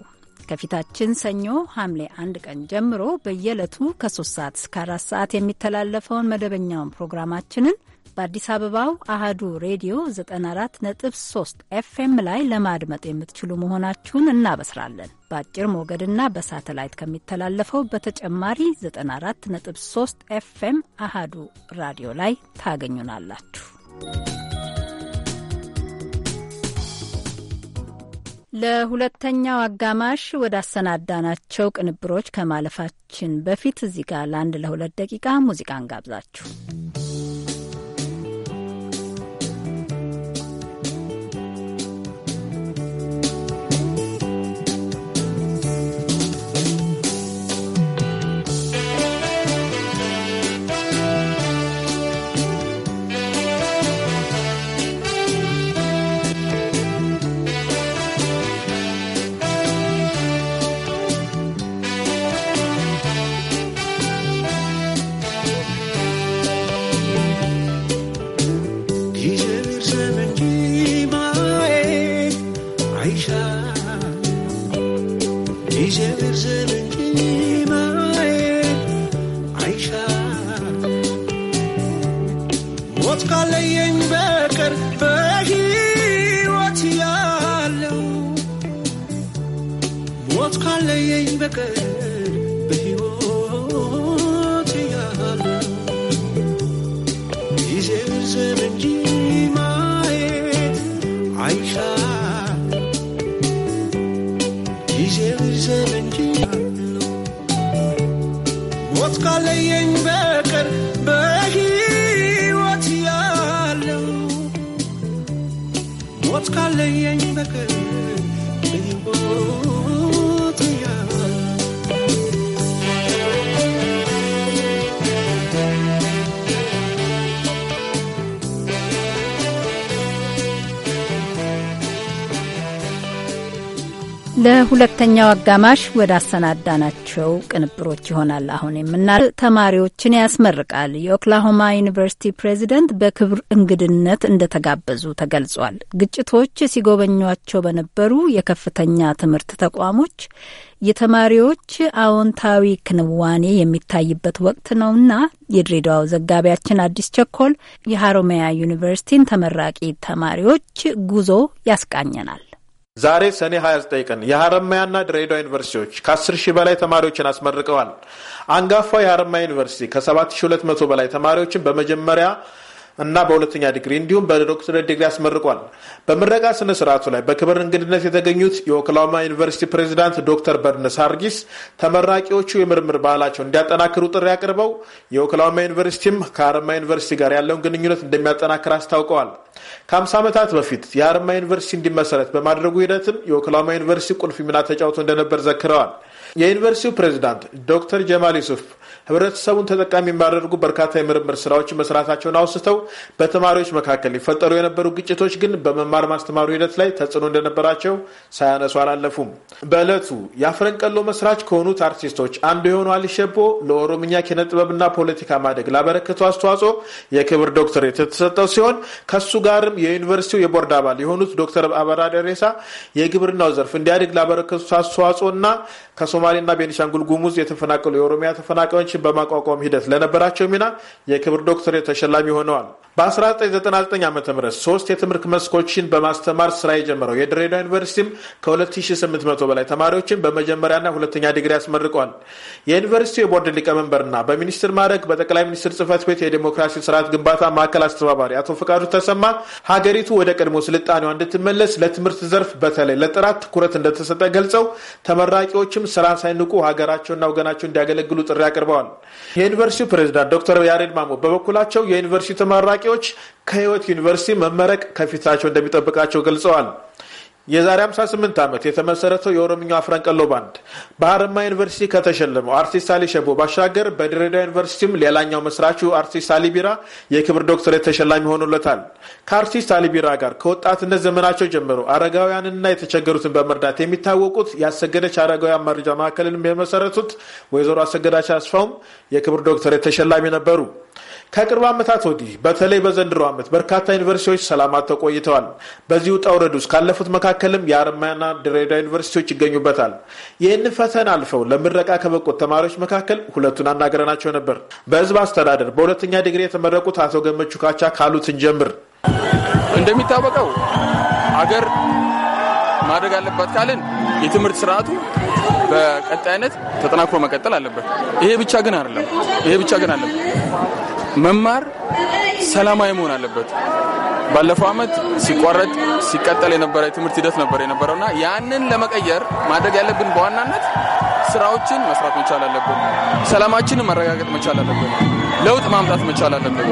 ከፊታችን ሰኞ ሐምሌ አንድ ቀን ጀምሮ በየዕለቱ ከሶስት ሰዓት እስከ አራት ሰዓት የሚተላለፈውን መደበኛውን ፕሮግራማችንን በአዲስ አበባው አሃዱ ሬዲዮ 94.3 ኤፍኤም ላይ ለማድመጥ የምትችሉ መሆናችሁን እናበስራለን። በአጭር ሞገድና በሳተላይት ከሚተላለፈው በተጨማሪ 94.3 ኤፍኤም አሃዱ ራዲዮ ላይ ታገኙናላችሁ። ለሁለተኛው አጋማሽ አሰናዳናቸው ቅንብሮች ከማለፋችን በፊት እዚህ ጋር ለአንድ ለሁለት ደቂቃ ሙዚቃን ጋብዛችሁ ሁለተኛው አጋማሽ ወደ አሰናዳናቸው ቅንብሮች ይሆናል። አሁን የምና ተማሪዎችን ያስመርቃል። የኦክላሆማ ዩኒቨርሲቲ ፕሬዚደንት በክብር እንግድነት እንደተጋበዙ ተገልጿል። ግጭቶች ሲጎበኟቸው በነበሩ የከፍተኛ ትምህርት ተቋሞች የተማሪዎች አዎንታዊ ክንዋኔ የሚታይበት ወቅት ነውና የድሬዳዋው ዘጋቢያችን አዲስ ቸኮል የሀሮሚያ ዩኒቨርሲቲን ተመራቂ ተማሪዎች ጉዞ ያስቃኘናል። ዛሬ ሰኔ 29 ቀን የሀረማያና ድሬዳዋ ዩኒቨርሲቲዎች ከ10 ሺህ በላይ ተማሪዎችን አስመርቀዋል። አንጋፋ የሀረማያ ዩኒቨርሲቲ ከ7200 በላይ ተማሪዎችን በመጀመሪያ እና በሁለተኛ ዲግሪ እንዲሁም በዶክትሬት ዲግሪ አስመርቋል። በምረቃ ስነ ስርዓቱ ላይ በክብር እንግድነት የተገኙት የኦክላማ ዩኒቨርሲቲ ፕሬዚዳንት ዶክተር በርነስ ሃርጊስ ተመራቂዎቹ የምርምር ባህላቸው እንዲያጠናክሩ ጥሪ አቅርበው የኦክላማ ዩኒቨርሲቲም ከአርማ ዩኒቨርሲቲ ጋር ያለውን ግንኙነት እንደሚያጠናክር አስታውቀዋል። ከ50 ዓመታት በፊት የአርማ ዩኒቨርሲቲ እንዲመሰረት በማድረጉ ሂደትም የኦክላማ ዩኒቨርሲቲ ቁልፍ ሚና ተጫውቶ እንደነበር ዘክረዋል። የዩኒቨርሲቲው ፕሬዚዳንት ዶክተር ጀማል ዩሱፍ ህብረተሰቡን ተጠቃሚ የሚያደርጉ በርካታ የምርምር ስራዎች መስራታቸውን አውስተው በተማሪዎች መካከል ሊፈጠሩ የነበሩ ግጭቶች ግን በመማር ማስተማሩ ሂደት ላይ ተጽዕኖ እንደነበራቸው ሳያነሱ አላለፉም። በዕለቱ የአፍረንቀሎ መስራች ከሆኑት አርቲስቶች አንዱ የሆኑ አልሸቦ ለኦሮምኛ ኪነ ጥበብና ፖለቲካ ማደግ ላበረከቱ አስተዋጽኦ የክብር ዶክተር የተሰጠው ሲሆን ከሱ ጋርም የዩኒቨርሲቲው የቦርድ አባል የሆኑት ዶክተር አበራ ደሬሳ የግብርናው ዘርፍ እንዲያድግ ላበረከቱት አስተዋጽኦ እና ከሶማሌና ቤኒሻንጉል ጉሙዝ የተፈናቀሉ የኦሮሚያ ተፈናቃዮች ችግሮችን በማቋቋም ሂደት ለነበራቸው ሚና የክብር ዶክተር ተሸላሚ ሆነዋል። በ1999 ዓ ም ሶስት የትምህርት መስኮችን በማስተማር ስራ የጀመረው የድሬዳዋ ዩኒቨርሲቲም ከ2800 በላይ ተማሪዎችን በመጀመሪያና ሁለተኛ ዲግሪ አስመርቋል። የዩኒቨርሲቲው የቦርድ ሊቀመንበርና በሚኒስትር ማዕረግ በጠቅላይ ሚኒስትር ጽህፈት ቤት የዴሞክራሲ ስርዓት ግንባታ ማዕከል አስተባባሪ አቶ ፈቃዱ ተሰማ ሀገሪቱ ወደ ቀድሞ ስልጣኔዋ እንድትመለስ ለትምህርት ዘርፍ በተለይ ለጥራት ትኩረት እንደተሰጠ ገልጸው ተመራቂዎችም ስራ ሳይንቁ ሀገራቸውና ወገናቸው እንዲያገለግሉ ጥሪ አቅርበዋል። የዩኒቨርሲቲው ፕሬዚዳንት ዶክተር ያሬድ ማሞ በበኩላቸው የዩኒቨርሲቲ ተመራቂ ተመራቂዎች ከህይወት ዩኒቨርሲቲ መመረቅ ከፊታቸው እንደሚጠብቃቸው ገልጸዋል። የዛሬ 58 ዓመት የተመሰረተው የኦሮምኛ አፍረንቀሎ ባንድ በሀረማ ዩኒቨርሲቲ ከተሸለመው አርቲስት አሊ ሸቦ ባሻገር በድሬዳዋ ዩኒቨርሲቲም ሌላኛው መስራቹ አርቲስት አሊ ቢራ የክብር ዶክተሬት ተሸላሚ ሆኖለታል። ከአርቲስት አሊ ቢራ ጋር ከወጣትነት ዘመናቸው ጀምሮ አረጋውያንና የተቸገሩትን በመርዳት የሚታወቁት ያሰገደች አረጋውያን መረጃ ማዕከልንም የመሰረቱት ወይዘሮ አሰገዳች አስፋውም የክብር ዶክተሬት ተሸላሚ ነበሩ። ከቅርብ ዓመታት ወዲህ በተለይ በዘንድሮ ዓመት በርካታ ዩኒቨርሲቲዎች ሰላማት ተቆይተዋል ቆይተዋል። በዚህ ውጣ ውረድ ውስጥ ካለፉት መካከልም የአርማና ድሬዳ ዩኒቨርሲቲዎች ይገኙበታል። ይህንን ፈተና አልፈው ለምረቃ ከበቁት ተማሪዎች መካከል ሁለቱን አናግረናቸው ነበር። በህዝብ አስተዳደር በሁለተኛ ዲግሪ የተመረቁት አቶ ገመቹ ካቻ ካሉትን ጀምር እንደሚታወቀው አገር ማድረግ አለባት ካልን የትምህርት ስርዓቱ በቀጣይነት ተጠናክሮ መቀጠል አለበት። ይሄ ብቻ ግን አይደለም። ይሄ ብቻ ግን አይደለም። መማር ሰላማዊ መሆን አለበት። ባለፈው ዓመት ሲቋረጥ ሲቀጠል የነበረ የትምህርት ሂደት ነበር የነበረውና ያንን ለመቀየር ማድረግ ያለብን በዋናነት ስራዎችን መስራት መቻል አለብን። ሰላማችንን መረጋገጥ መቻል አለብን። ለውጥ ማምጣት መቻል አለብን።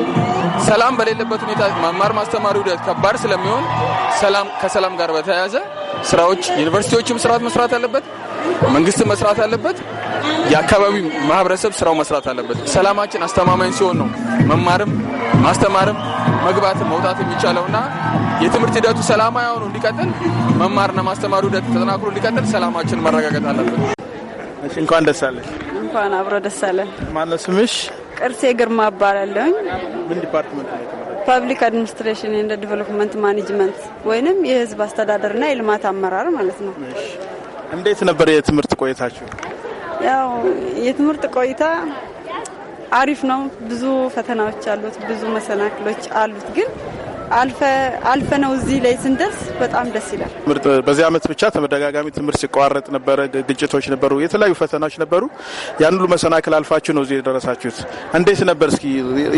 ሰላም በሌለበት ሁኔታ መማር ማስተማሪ ሂደት ከባድ ስለሚሆን ከሰላም ጋር በተያያዘ ስራዎች ዩኒቨርሲቲዎችም ስርዓት መስራት አለበት፣ መንግስትም መስራት አለበት፣ የአካባቢ ማህበረሰብ ስራው መስራት አለበት። ሰላማችን አስተማማኝ ሲሆን ነው መማርም ማስተማርም መግባት መውጣት የሚቻለው እና የትምህርት ሂደቱ ሰላማዊ ሆኖ እንዲቀጥል መማርና ማስተማሩ ሂደት ተጠናክሮ እንዲቀጥል ሰላማችን መረጋገጥ አለበት። እንኳን ደስ እንኳን አብሮ ደስ አለን። ማነው ስምሽ? ቅርሴ ግርማ እባላለሁኝ። ምን ዲፓርትመንት ነው? ፓብሊክ አድሚኒስትሬሽን እንደ ዲቨሎፕመንት ማኔጅመንት ወይንም የህዝብ አስተዳደርና የልማት አመራር ማለት ነው። እንዴት ነበር የትምህርት ቆይታችሁ? ያው የትምህርት ቆይታ አሪፍ ነው። ብዙ ፈተናዎች አሉት፣ ብዙ መሰናክሎች አሉት። ግን አልፈ ነው እዚህ ላይ ስንደርስ በጣም ደስ ይላል። በዚህ አመት ብቻ ተደጋጋሚ ትምህርት ሲቋረጥ ነበረ፣ ግጭቶች ነበሩ፣ የተለያዩ ፈተናዎች ነበሩ። ያን ሁሉ መሰናክል አልፋችሁ ነው እዚህ የደረሳችሁት። እንዴት ነበር እስኪ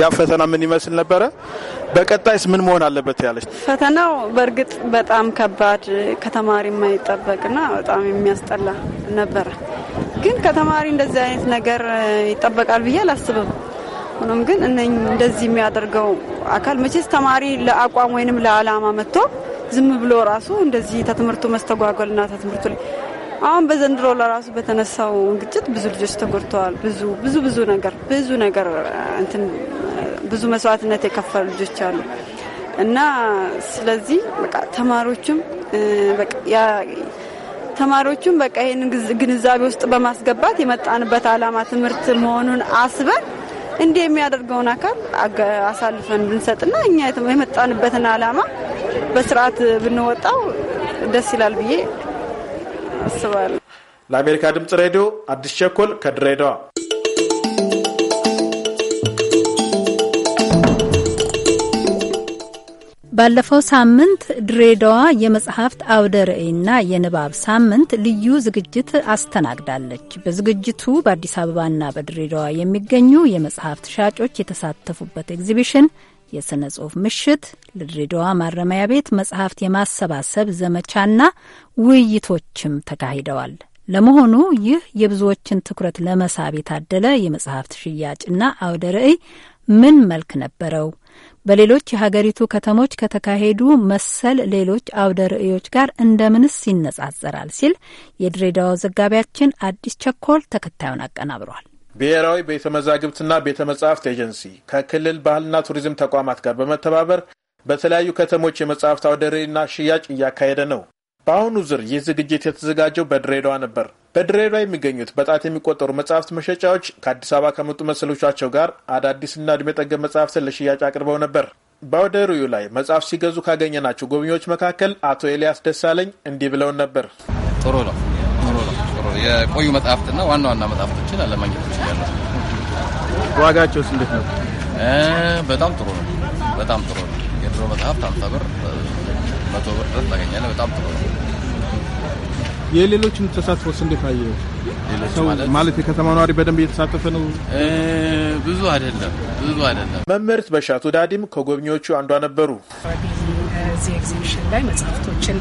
ያ ፈተና ምን ይመስል ነበረ? በቀጣይስ ምን መሆን አለበት ያለች ፈተናው በእርግጥ በጣም ከባድ ከተማሪ የማይጠበቅና በጣም የሚያስጠላ ነበረ። ግን ከተማሪ እንደዚህ አይነት ነገር ይጠበቃል ብዬ አላስብም። ሆኖም ግን እነ እንደዚህ የሚያደርገው አካል መቼስ ተማሪ ለአቋም ወይንም ለአላማ መጥቶ ዝም ብሎ ራሱ እንደዚህ ተትምህርቱ መስተጓጎልና ተትምህርቱ ላይ አሁን በዘንድሮ ለራሱ በተነሳው ግጭት ብዙ ልጆች ተጎድተዋል። ብዙ ብዙ ብዙ ነገር ብዙ ነገር እንትን ብዙ መስዋዕትነት የከፈሉ ልጆች አሉ እና ስለዚህ በቃ ተማሪዎቹም ተማሪዎቹም በቃ ይህን ግንዛቤ ውስጥ በማስገባት የመጣንበት አላማ ትምህርት መሆኑን አስበን እንዲህ የሚያደርገውን አካል አሳልፈን ብንሰጥና እኛ የመጣንበትን ዓላማ በስርዓት ብንወጣው ደስ ይላል ብዬ አስባለሁ። ለአሜሪካ ድምጽ ሬዲዮ አዲስ ቸኮል ከድሬዳዋ ባለፈው ሳምንት ድሬዳዋ የመጽሐፍት አውደ ርዕይና የንባብ ሳምንት ልዩ ዝግጅት አስተናግዳለች። በዝግጅቱ በአዲስ አበባና በድሬዳዋ የሚገኙ የመጽሐፍት ሻጮች የተሳተፉበት ኤግዚቢሽን፣ የሥነ ጽሑፍ ምሽት፣ ለድሬዳዋ ማረሚያ ቤት መጽሐፍት የማሰባሰብ ዘመቻና ውይይቶችም ተካሂደዋል። ለመሆኑ ይህ የብዙዎችን ትኩረት ለመሳብ የታደለ የመጽሐፍት ሽያጭና አውደ ርዕይ ምን መልክ ነበረው? በሌሎች የሀገሪቱ ከተሞች ከተካሄዱ መሰል ሌሎች አውደ ርዕዮች ጋር እንደምንስ ይነጻጸራል? ሲል የድሬዳዋ ዘጋቢያችን አዲስ ቸኮል ተከታዩን አቀናብሯል። ብሔራዊ ቤተ መዛግብትና ቤተ መጻሕፍት ኤጀንሲ ከክልል ባህልና ቱሪዝም ተቋማት ጋር በመተባበር በተለያዩ ከተሞች የመጽሐፍት አውደ ርዕይና ሽያጭ እያካሄደ ነው። በአሁኑ ዙር ይህ ዝግጅት የተዘጋጀው በድሬዳዋ ነበር። በድሬዳዋ የሚገኙት በጣት የሚቆጠሩ መጽሐፍት መሸጫዎች ከአዲስ አበባ ከመጡ መሰሎቻቸው ጋር አዳዲስና እድሜ ጠገብ መጽሐፍትን ለሽያጭ አቅርበው ነበር። በአውደ ርዕዩ ላይ መጽሐፍ ሲገዙ ካገኘናቸው ጎብኚዎች መካከል አቶ ኤልያስ ደሳለኝ እንዲህ ብለውን ነበር። ጥሩ ነው፣ ጥሩ ነው፣ ጥሩ የቆዩ መጽሐፍትና ዋና ዋና መጽሐፍቶችን አለማግኘት ይችላለ። ዋጋቸውስ እንዴት ነው? በጣም ጥሩ ነው፣ በጣም ጥሩ ነው። የድሮ መጽሐፍት አምሳ ብር መቶ ብር ድረስ ታገኛለህ። በጣም ጥሩ ነው። የሌሎችን ተሳትፎስ እንዴት አየኸው? ማለት የከተማ ነዋሪ በደንብ እየተሳተፈ ነው? ብዙ አይደለም፣ ብዙ አይደለም። መምህርት በሻቱ ዳዲም ከጎብኚዎቹ አንዷ ነበሩ። እዚህ ኤግዚቢሽን ላይ መጽሐፍቶችን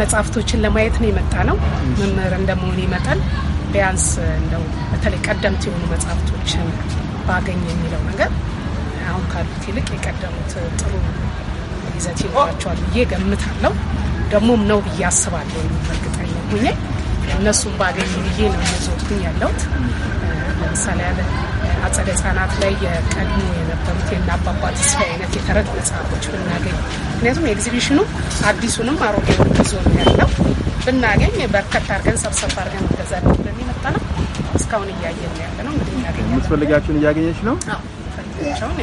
መጽሐፍቶችን ለማየት ነው የመጣ ነው። መምህር እንደመሆን ይመጣል ቢያንስ እንደው በተለይ ቀደምት የሆኑ መጽሐፍቶችን ባገኝ የሚለው ነገር አሁን ካሉት ይልቅ የቀደሙት ጥሩ ይዘት ይኖራቸዋል ብዬ ገምታለሁ። ደግሞም ነው ብዬ አስባለሁ። እርግጠኛ ሆኜ እነሱም ባገኝ ብዬ ነው የዞርኩኝ ያለሁት። ለምሳሌ ያለ አጸደ ህጻናት ላይ የቀድሞ የነበሩት የናባባ ተስፋ አይነት የተረት መጽሐፎች ብናገኝ፣ ምክንያቱም ኤግዚቢሽኑ አዲሱንም አሮጌውን ይዞ ነው ያለው። ብናገኝ በርከት አድርገን ሰብሰብ አድርገን ገዛ በሚመጣ ነው እስካሁን እያየን ያለ ነው። እንግዲህ የምትፈልጋቸውን እያገኘች ነው ፈልጋቸውን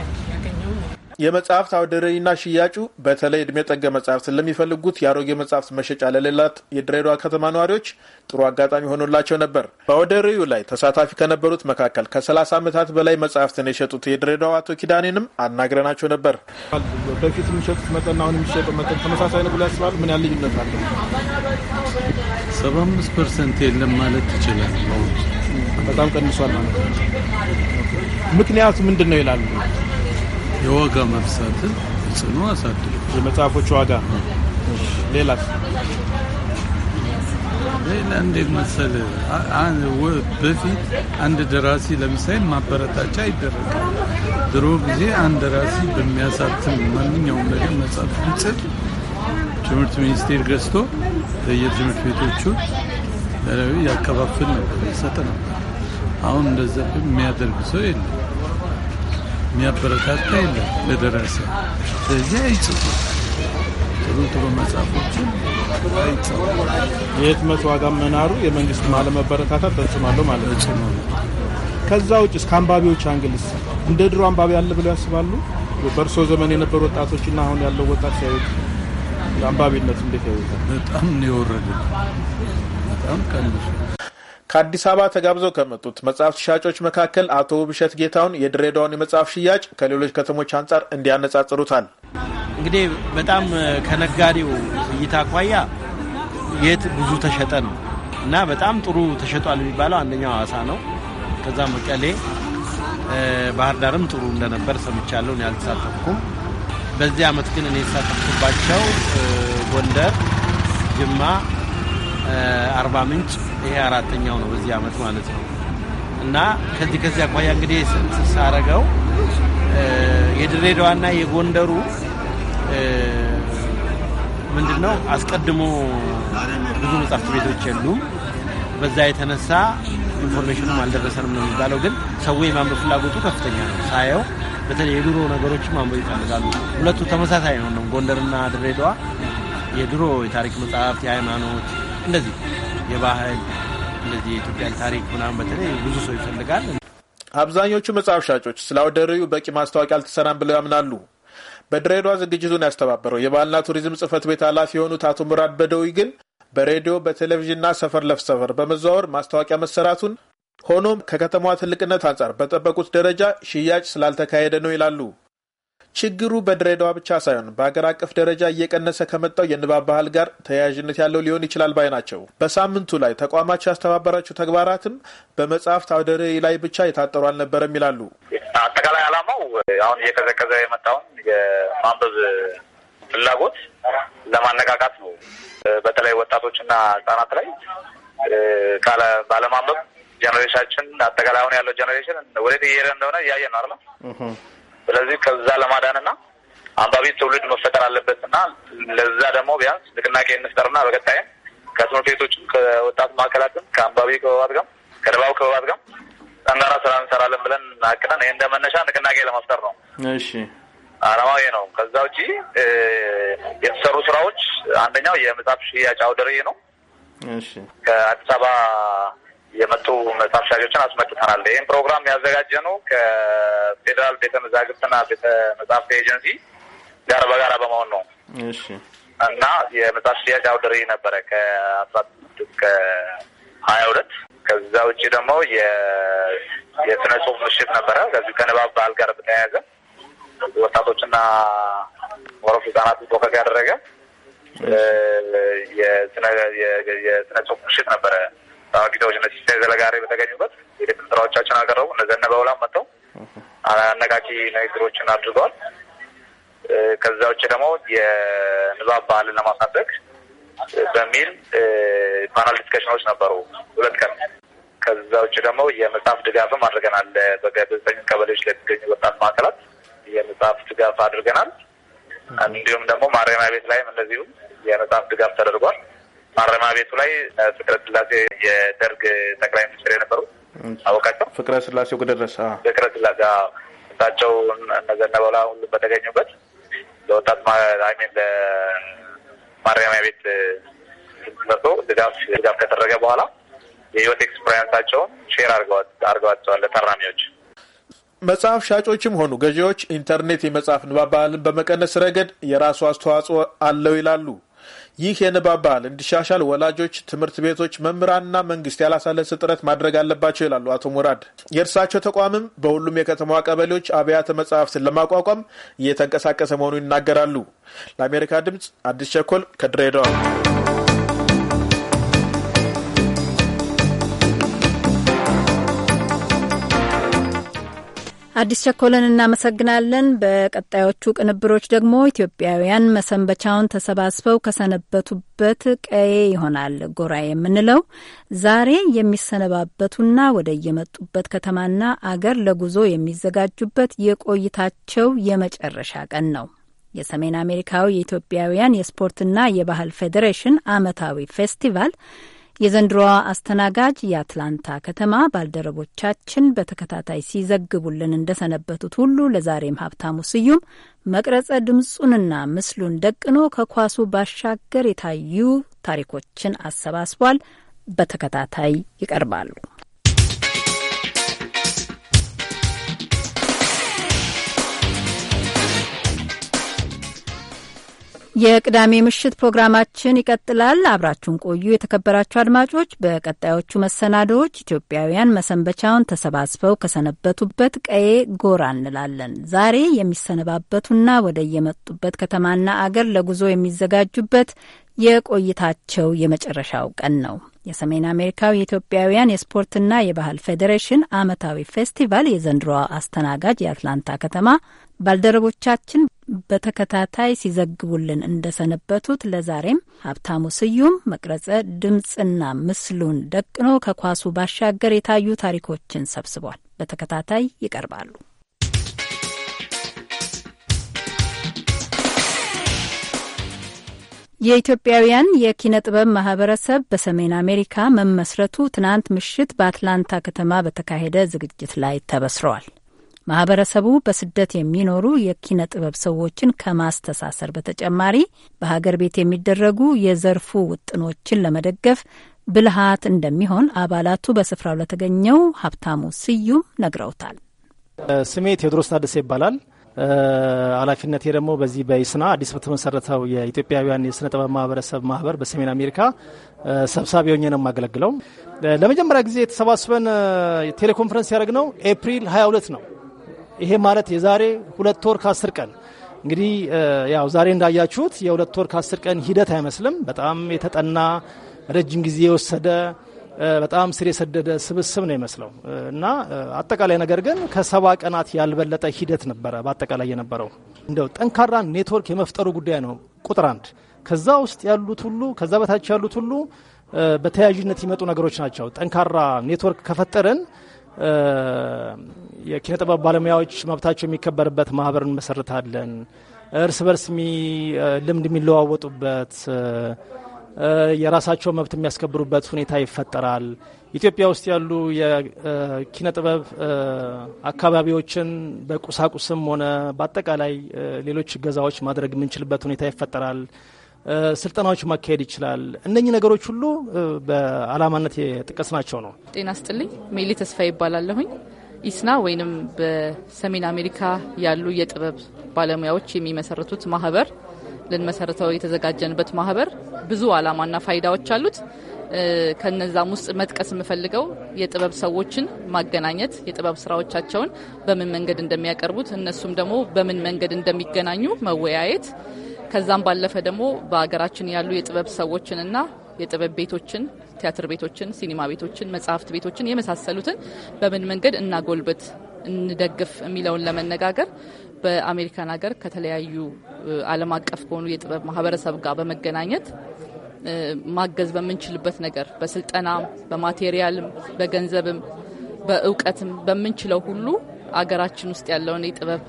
የመጽሐፍት አውደ ርዕይና ሽያጩ በተለይ እድሜ ጠገ መጽሐፍትን ለሚፈልጉት የአሮጌ መጽሐፍት መሸጫ ለሌላት የድሬዳዋ ከተማ ነዋሪዎች ጥሩ አጋጣሚ ሆኖላቸው ነበር። በአውደ ርዕዩ ላይ ተሳታፊ ከነበሩት መካከል ከ30 ዓመታት በላይ መጽሐፍትን የሸጡት የድሬዳዋ አቶ ኪዳኔንም አናግረናቸው ነበር። በፊት የሚሸጡት መጠን አሁን የሚሸጠው መጠን ተመሳሳይ ነው ብሎ ያስባሉ? ምን ያህል ልዩነት አለ? ሰባ አምስት ፐርሰንት የለም ማለት ይችላል። በጣም ቀንሷል ማለት ነው። ምክንያቱ ምንድን ነው ይላሉ የዋጋ መብዛትን ጽኑ አሳድሩ የመጽሐፎች ዋጋ ሌላ ሌላ እንዴት መሰለ በፊት አንድ ደራሲ ለምሳሌ ማበረታቻ ይደረጋል። ድሮ ጊዜ አንድ ደራሲ በሚያሳትም ማንኛውም ነገር መጽሐፍ ቢጽፍ ትምህርት ሚኒስቴር ገዝቶ ለየትምህርት ቤቶቹ ያከፋፍል ነበር፣ ይሰጥ ነበር። አሁን እንደዛ የሚያደርግ ሰው የለም። የሚያበረታታ የለም ለደረሰ። ስለዚህ አይጽፉ ጥሩ ጥሩ መጽሐፎችን አይጽፉ። የህትመት ዋጋ መናሩ የመንግስት አለመበረታታት ተጽዕኖ ማለት ነው። ከዛ ውጭ እስከ አንባቢዎች አንግልስ እንደ ድሮ አንባቢ አለ ብለው ያስባሉ? በእርሶ ዘመን የነበሩ ወጣቶችና አሁን ያለው ወጣት ሲያዩት አንባቢነት እንዴት ያዩታል? በጣም ነው የወረደ፣ በጣም ቀንሱ ከአዲስ አበባ ተጋብዘው ከመጡት መጽሐፍት ሻጮች መካከል አቶ ውብሸት ጌታውን የድሬዳውን የመጽሐፍ ሽያጭ ከሌሎች ከተሞች አንጻር እንዲያነጻጽሩታል። እንግዲህ በጣም ከነጋዴው እይታ አኳያ የት ብዙ ተሸጠ ነው እና በጣም ጥሩ ተሸጧል የሚባለው አንደኛው ሐዋሳ ነው። ከዛ መቀሌ፣ ባህር ዳርም ጥሩ እንደነበር ሰምቻለሁ። እኔ አልተሳተፍኩም። በዚህ አመት ግን እኔ የተሳተፍኩባቸው ጎንደር፣ ጅማ አርባ ምንጭ ይሄ አራተኛው ነው በዚህ አመት ማለት ነው። እና ከዚህ ከዚህ አኳያ እንግዲህ ሳረገው የድሬዳዋና የጎንደሩ ምንድን ነው አስቀድሞ ብዙ መጽሐፍት ቤቶች የሉም። በዛ የተነሳ ኢንፎርሜሽኑም አልደረሰንም ነው የሚባለው። ግን ሰው የማንበብ ፍላጎቱ ከፍተኛ ነው። ሳየው በተለይ የድሮ ነገሮች ማንበብ ይፈልጋሉ። ሁለቱ ተመሳሳይ ነው ነው ጎንደርና ድሬዳዋ የድሮ የታሪክ መጽሐፍት፣ የሃይማኖት እንደዚህ የባህል እንደዚህ የኢትዮጵያን ታሪክ ምናምን በተለይ ብዙ ሰው ይፈልጋል። አብዛኞቹ መጽሐፍ ሻጮች ስለ አውደ ርዕዩ በቂ ማስታወቂያ አልተሰራም ብለው ያምናሉ። በድሬዳዋ ዝግጅቱን ያስተባበረው የባህልና ቱሪዝም ጽህፈት ቤት ኃላፊ የሆኑት አቶ ሙራድ በደዊ ግን በሬዲዮ በቴሌቪዥንና ሰፈር ለፍ ሰፈር በመዘዋወር ማስታወቂያ መሰራቱን ሆኖም ከከተማዋ ትልቅነት አንጻር በጠበቁት ደረጃ ሽያጭ ስላልተካሄደ ነው ይላሉ። ችግሩ በድሬዳዋ ብቻ ሳይሆን በሀገር አቀፍ ደረጃ እየቀነሰ ከመጣው የንባብ ባህል ጋር ተያያዥነት ያለው ሊሆን ይችላል ባይ ናቸው። በሳምንቱ ላይ ተቋማቸው ያስተባበራቸው ተግባራትም በመጽሐፍት አውደ ርዕይ ላይ ብቻ የታጠሩ አልነበረም ይላሉ። አጠቃላይ ዓላማው አሁን እየቀዘቀዘ የመጣውን የማንበብ ፍላጎት ለማነቃቃት ነው። በተለይ ወጣቶችና ህጻናት ላይ ቃለ ባለማንበብ ጀኔሬሽናችን አጠቃላይ አሁን ያለው ጀኔሬሽን ወደ እየሄደ እንደሆነ እያየ ነው አለ ስለዚህ ከዛ ለማዳንና አንባቢ ትውልድ መፈጠር አለበትና ለዛ ደግሞ ቢያንስ ንቅናቄ እንፍጠርና በቀጣይም ከትምህርት ቤቶች ከወጣት ማዕከላትም ከአንባቢ ክበባት ጋር ከንባብ ክበባት ጋር ጠንካራ ስራ እንሰራለን ብለን አቅደን ይህ እንደ መነሻ ንቅናቄ ለመፍጠር ነው። እሺ አላማዊ ነው። ከዛ ውጪ የተሰሩ ስራዎች አንደኛው የመጽሐፍ ሽያጭ አውደ ርዕይ ነው። ከአዲስ አበባ የመጡ መጽሐፍ ሻጮችን አስመጥተናል። ይህም ፕሮግራም ያዘጋጀ ነው ከፌዴራል ቤተ መዛግብትና ቤተ መጽሐፍት ኤጀንሲ ጋር በጋራ በመሆን ነው። እሺ እና የመጽሐፍ ሽያጭ አውደ ነበረ ከአስራ ስድስት ሁለት ከዛ ውጭ ደግሞ የስነ ጽሁፍ ምሽት ነበረ። ከዚህ ከንባብ በአል ጋር በተያያዘ ወጣቶችና ወረፍ ህጻናት ፎከስ ያደረገ የስነ ጽሁፍ ምሽት ነበረ። ፊታዎች እነ ሲሳይ ዘለጋሪ በተገኙበት የድምፅ ስራዎቻችን አቀረቡ። እነዘነ በውላም መጥተው አነቃቂ ንግግሮችን አድርገዋል። ከዛ ውጭ ደግሞ የንባብ ባህልን ለማሳደግ በሚል ፓናል ዲስከሽኖች ነበሩ ሁለት ቀን። ከዛ ውጭ ደግሞ የመጽሐፍ ድጋፍም አድርገናል። በገበዘኝ ቀበሌዎች ላይ የሚገኙ ወጣት ማዕከላት የመጽሐፍ ድጋፍ አድርገናል። እንዲሁም ደግሞ ማረሚያ ቤት ላይም እንደዚሁ የመጽሐፍ ድጋፍ ተደርጓል። ማረሚያ ቤቱ ላይ ፍቅረ ስላሴ የደርግ ጠቅላይ ሚኒስትር የነበሩ አወቃቸው ፍቅረ ስላሴ ወግደረስ ፍቅረ ስላሴ እሳቸው እነዘነበላ ሁሉ በተገኙበት ለወጣት ሚን ለማረሚያ ቤት መርቶ ድጋፍ ድጋፍ ከተደረገ በኋላ የህይወት ኤክስፕሪንሳቸውን ሼር አድርገዋቸዋል ለታራሚዎች። መጽሐፍ ሻጮችም ሆኑ ገዢዎች ኢንተርኔት የመጽሐፍ ንባብ ባህልን በመቀነስ ረገድ የራሱ አስተዋጽኦ አለው ይላሉ ይህ የንባብ ባህል እንዲሻሻል ወላጆች፣ ትምህርት ቤቶች፣ መምህራንና መንግስት ያላሳለሰ ጥረት ማድረግ አለባቸው ይላሉ አቶ ሙራድ። የእርሳቸው ተቋምም በሁሉም የከተማዋ ቀበሌዎች አብያተ መጻሕፍትን ለማቋቋም እየተንቀሳቀሰ መሆኑን ይናገራሉ። ለአሜሪካ ድምጽ አዲስ ቸኮል ከድሬዳዋ አዲስ ቸኮልን እናመሰግናለን። በቀጣዮቹ ቅንብሮች ደግሞ ኢትዮጵያውያን መሰንበቻውን ተሰባስበው ከሰነበቱበት ቀዬ ይሆናል ጎራ የምንለው ዛሬ የሚሰነባበቱና ወደ የመጡበት ከተማና አገር ለጉዞ የሚዘጋጁበት የቆይታቸው የመጨረሻ ቀን ነው። የሰሜን አሜሪካዊ የኢትዮጵያውያን የስፖርትና የባህል ፌዴሬሽን አመታዊ ፌስቲቫል የዘንድሮዋ አስተናጋጅ የአትላንታ ከተማ ባልደረቦቻችን በተከታታይ ሲዘግቡልን እንደሰነበቱት ሁሉ ለዛሬም ሀብታሙ ስዩም መቅረጸ ድምፁንና ምስሉን ደቅኖ ከኳሱ ባሻገር የታዩ ታሪኮችን አሰባስቧል። በተከታታይ ይቀርባሉ። የቅዳሜ ምሽት ፕሮግራማችን ይቀጥላል። አብራችሁን ቆዩ። የተከበራችሁ አድማጮች፣ በቀጣዮቹ መሰናዶዎች ኢትዮጵያውያን መሰንበቻውን ተሰባስበው ከሰነበቱበት ቀዬ ጎራ እንላለን። ዛሬ የሚሰነባበቱና ወደ የመጡበት ከተማና አገር ለጉዞ የሚዘጋጁበት የቆይታቸው የመጨረሻው ቀን ነው። የሰሜን አሜሪካው የኢትዮጵያውያን የስፖርትና የባህል ፌዴሬሽን ዓመታዊ ፌስቲቫል የዘንድሮዋ አስተናጋጅ የአትላንታ ከተማ ባልደረቦቻችን በተከታታይ ሲዘግቡልን እንደሰነበቱት ለዛሬም ሀብታሙ ስዩም መቅረጸ ድምፅና ምስሉን ደቅኖ ከኳሱ ባሻገር የታዩ ታሪኮችን ሰብስቧል። በተከታታይ ይቀርባሉ። የኢትዮጵያውያን የኪነ ጥበብ ማህበረሰብ በሰሜን አሜሪካ መመስረቱ ትናንት ምሽት በአትላንታ ከተማ በተካሄደ ዝግጅት ላይ ተበስረዋል። ማህበረሰቡ በስደት የሚኖሩ የኪነ ጥበብ ሰዎችን ከማስተሳሰር በተጨማሪ በሀገር ቤት የሚደረጉ የዘርፉ ውጥኖችን ለመደገፍ ብልሃት እንደሚሆን አባላቱ በስፍራው ለተገኘው ሀብታሙ ስዩም ነግረውታል። ስሜ ቴዎድሮስ ታደሰ ይባላል። ኃላፊነቴ ደግሞ በዚህ በይስና አዲስ በተመሰረተው የኢትዮጵያውያን የስነ ጥበብ ማህበረሰብ ማህበር በሰሜን አሜሪካ ሰብሳቢ ሆኜ ነው የማገለግለው። ለመጀመሪያ ጊዜ የተሰባስበን ቴሌኮንፈረንስ ያደረግነው ኤፕሪል 22 ነው ይሄ ማለት የዛሬ ሁለት ወር ከአስር ቀን እንግዲህ ያው ዛሬ እንዳያችሁት የሁለት ወር ከአስር ቀን ሂደት አይመስልም። በጣም የተጠና ረጅም ጊዜ የወሰደ በጣም ስር የሰደደ ስብስብ ነው ይመስለው እና አጠቃላይ ነገር ግን ከሰባ ቀናት ያልበለጠ ሂደት ነበረ። በአጠቃላይ የነበረው እንደው ጠንካራ ኔትወርክ የመፍጠሩ ጉዳይ ነው ቁጥር አንድ። ከዛ ውስጥ ያሉት ሁሉ ከዛ በታች ያሉት ሁሉ በተያያዥነት ይመጡ ነገሮች ናቸው። ጠንካራ ኔትወርክ ከፈጠርን የኪነ ጥበብ ባለሙያዎች መብታቸው የሚከበርበት ማህበር እንመሰርታለን። እርስ በርስ ልምድ የሚለዋወጡበት የራሳቸው መብት የሚያስከብሩበት ሁኔታ ይፈጠራል። ኢትዮጵያ ውስጥ ያሉ የኪነ ጥበብ አካባቢዎችን በቁሳቁስም ሆነ በአጠቃላይ ሌሎች ገዛዎች ማድረግ የምንችልበት ሁኔታ ይፈጠራል። ስልጠናዎች ማካሄድ ይችላል። እነኚህ ነገሮች ሁሉ በአላማነት ናቸው ነው። ጤና ስጥልኝ። ሜሊ ተስፋ ይባላለሁኝ። ኢስና ወይንም በሰሜን አሜሪካ ያሉ የጥበብ ባለሙያዎች የሚመሰርቱት ማህበር ልንመሰርተው የተዘጋጀንበት ማህበር ብዙ አላማና ፋይዳዎች አሉት። ከነዛም ውስጥ መጥቀስ የምፈልገው የጥበብ ሰዎችን ማገናኘት፣ የጥበብ ስራዎቻቸውን በምን መንገድ እንደሚያቀርቡት እነሱም ደግሞ በምን መንገድ እንደሚገናኙ መወያየት ከዛም ባለፈ ደግሞ በሀገራችን ያሉ የጥበብ ሰዎችንና የጥበብ ቤቶችን፣ ቲያትር ቤቶችን፣ ሲኒማ ቤቶችን፣ መጽሐፍት ቤቶችን የመሳሰሉትን በምን መንገድ እናጎልበት፣ እንደግፍ የሚለውን ለመነጋገር በአሜሪካን ሀገር ከተለያዩ ዓለም አቀፍ ከሆኑ የጥበብ ማህበረሰብ ጋር በመገናኘት ማገዝ በምንችልበት ነገር በስልጠናም፣ በማቴሪያልም፣ በገንዘብም፣ በእውቀትም በምንችለው ሁሉ አገራችን ውስጥ ያለውን የጥበብ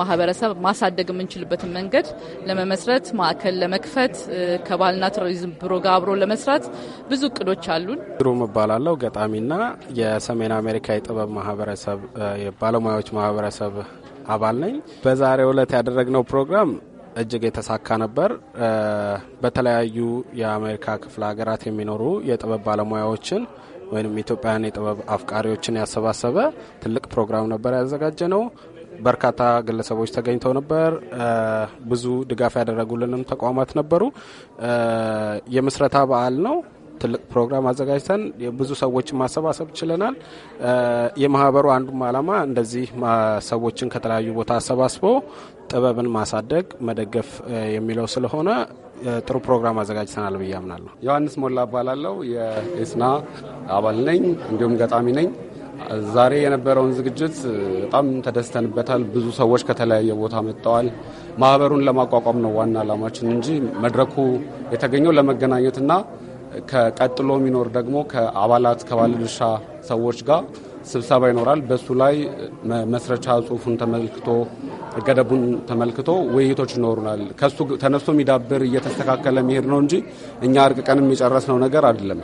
ማህበረሰብ ማሳደግ የምንችልበትን መንገድ ለመመስረት ማዕከል ለመክፈት ከባህልና ቱሪዝም ቢሮ ጋር አብሮ ለመስራት ብዙ እቅዶች አሉን። ሩ እባላለሁ ገጣሚና የሰሜን አሜሪካ የጥበብ ማህበረሰብ የባለሙያዎች ማህበረሰብ አባል ነኝ። በዛሬው ዕለት ያደረግነው ፕሮግራም እጅግ የተሳካ ነበር። በተለያዩ የአሜሪካ ክፍለ ሀገራት የሚኖሩ የጥበብ ባለሙያዎችን ወይም ኢትዮጵያውያን የጥበብ አፍቃሪዎችን ያሰባሰበ ትልቅ ፕሮግራም ነበር ያዘጋጀ ነው። በርካታ ግለሰቦች ተገኝተው ነበር። ብዙ ድጋፍ ያደረጉልንም ተቋማት ነበሩ። የምስረታ በዓል ነው። ትልቅ ፕሮግራም አዘጋጅተን ብዙ ሰዎችን ማሰባሰብ ችለናል። የማህበሩ አንዱም ዓላማ እንደዚህ ሰዎችን ከተለያዩ ቦታ አሰባስቦ ጥበብን ማሳደግ፣ መደገፍ የሚለው ስለሆነ ጥሩ ፕሮግራም አዘጋጅተናል ብዬ አምናለሁ። ዮሐንስ ሞላ እባላለሁ። የኤስና አባል ነኝ፣ እንዲሁም ገጣሚ ነኝ። ዛሬ የነበረውን ዝግጅት በጣም ተደስተንበታል። ብዙ ሰዎች ከተለያየ ቦታ መጥተዋል። ማህበሩን ለማቋቋም ነው ዋና ዓላማችን እንጂ መድረኩ የተገኘው ለመገናኘትና ከቀጥሎ የሚኖር ደግሞ ከአባላት ከባለድርሻ ሰዎች ጋር ስብሰባ ይኖራል። በሱ ላይ መስረቻ ጽሁፉን ተመልክቶ ገደቡን ተመልክቶ ውይይቶች ይኖሩናል። ከሱ ተነስቶ የሚዳብር እየተስተካከለ መሄድ ነው እንጂ እኛ እርቅ ቀንም የጨረስነው ነገር አይደለም።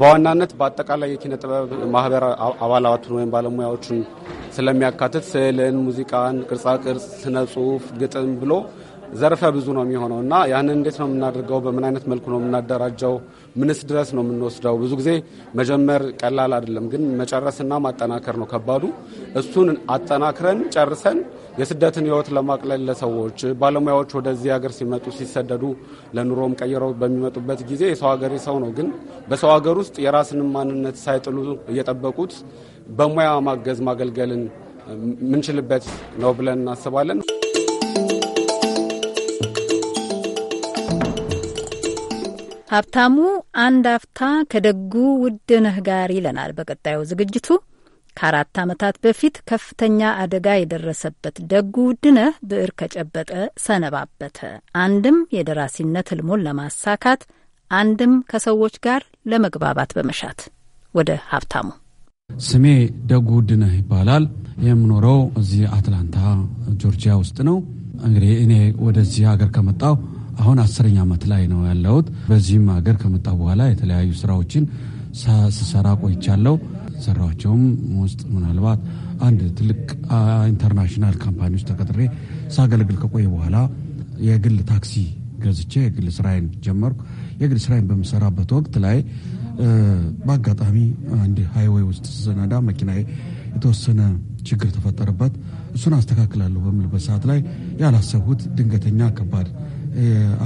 በዋናነት በአጠቃላይ የኪነ ጥበብ ማህበር አባላቱን ወይም ባለሙያዎችን ስለሚያካትት ስዕልን፣ ሙዚቃን፣ ቅርጻቅርጽ፣ ስነ ጽሁፍ፣ ግጥም ብሎ ዘርፈ ብዙ ነው የሚሆነው እና ያንን እንዴት ነው የምናደርገው? በምን አይነት መልኩ ነው የምናደራጀው? ምንስ ድረስ ነው የምንወስደው? ብዙ ጊዜ መጀመር ቀላል አይደለም፣ ግን መጨረስና ማጠናከር ነው ከባዱ። እሱን አጠናክረን ጨርሰን የስደትን ህይወት ለማቅለል ለሰዎች ባለሙያዎች ወደዚህ ሀገር ሲመጡ ሲሰደዱ ለኑሮም ቀይረው በሚመጡበት ጊዜ የሰው ሀገር ሰው ነው። ግን በሰው ሀገር ውስጥ የራስንም ማንነት ሳይጥሉ እየጠበቁት በሙያ ማገዝ ማገልገልን ምንችልበት ነው ብለን እናስባለን። ሀብታሙ አንድ አፍታ ከደጉ ውድነህ ጋር ይለናል በቀጣዩ ዝግጅቱ። ከአራት ዓመታት በፊት ከፍተኛ አደጋ የደረሰበት ደጉ ውድነህ ብዕር ከጨበጠ ሰነባበተ። አንድም የደራሲነት ህልሙን ለማሳካት አንድም ከሰዎች ጋር ለመግባባት በመሻት ወደ ሀብታሙ ስሜ ደጉ ውድነህ ይባላል። የምኖረው እዚህ አትላንታ ጆርጂያ ውስጥ ነው። እንግዲህ እኔ ወደዚህ ሀገር ከመጣው አሁን አስረኛ ዓመት ላይ ነው ያለሁት። በዚህም ሀገር ከመጣ በኋላ የተለያዩ ስራዎችን ስሰራ ቆይቻለሁ። ሰራቸውም ውስጥ ምናልባት አንድ ትልቅ ኢንተርናሽናል ካምፓኒ ውስጥ ተቀጥሬ ሳገለግል ከቆየ በኋላ የግል ታክሲ ገዝቼ የግል ስራዬን ጀመርኩ። የግል ስራዬን በምሰራበት ወቅት ላይ በአጋጣሚ አንድ ሃይዌይ ውስጥ ስነዳ መኪናዬ የተወሰነ ችግር ተፈጠረበት። እሱን አስተካክላለሁ በምልበት ሰዓት ላይ ያላሰብሁት ድንገተኛ ከባድ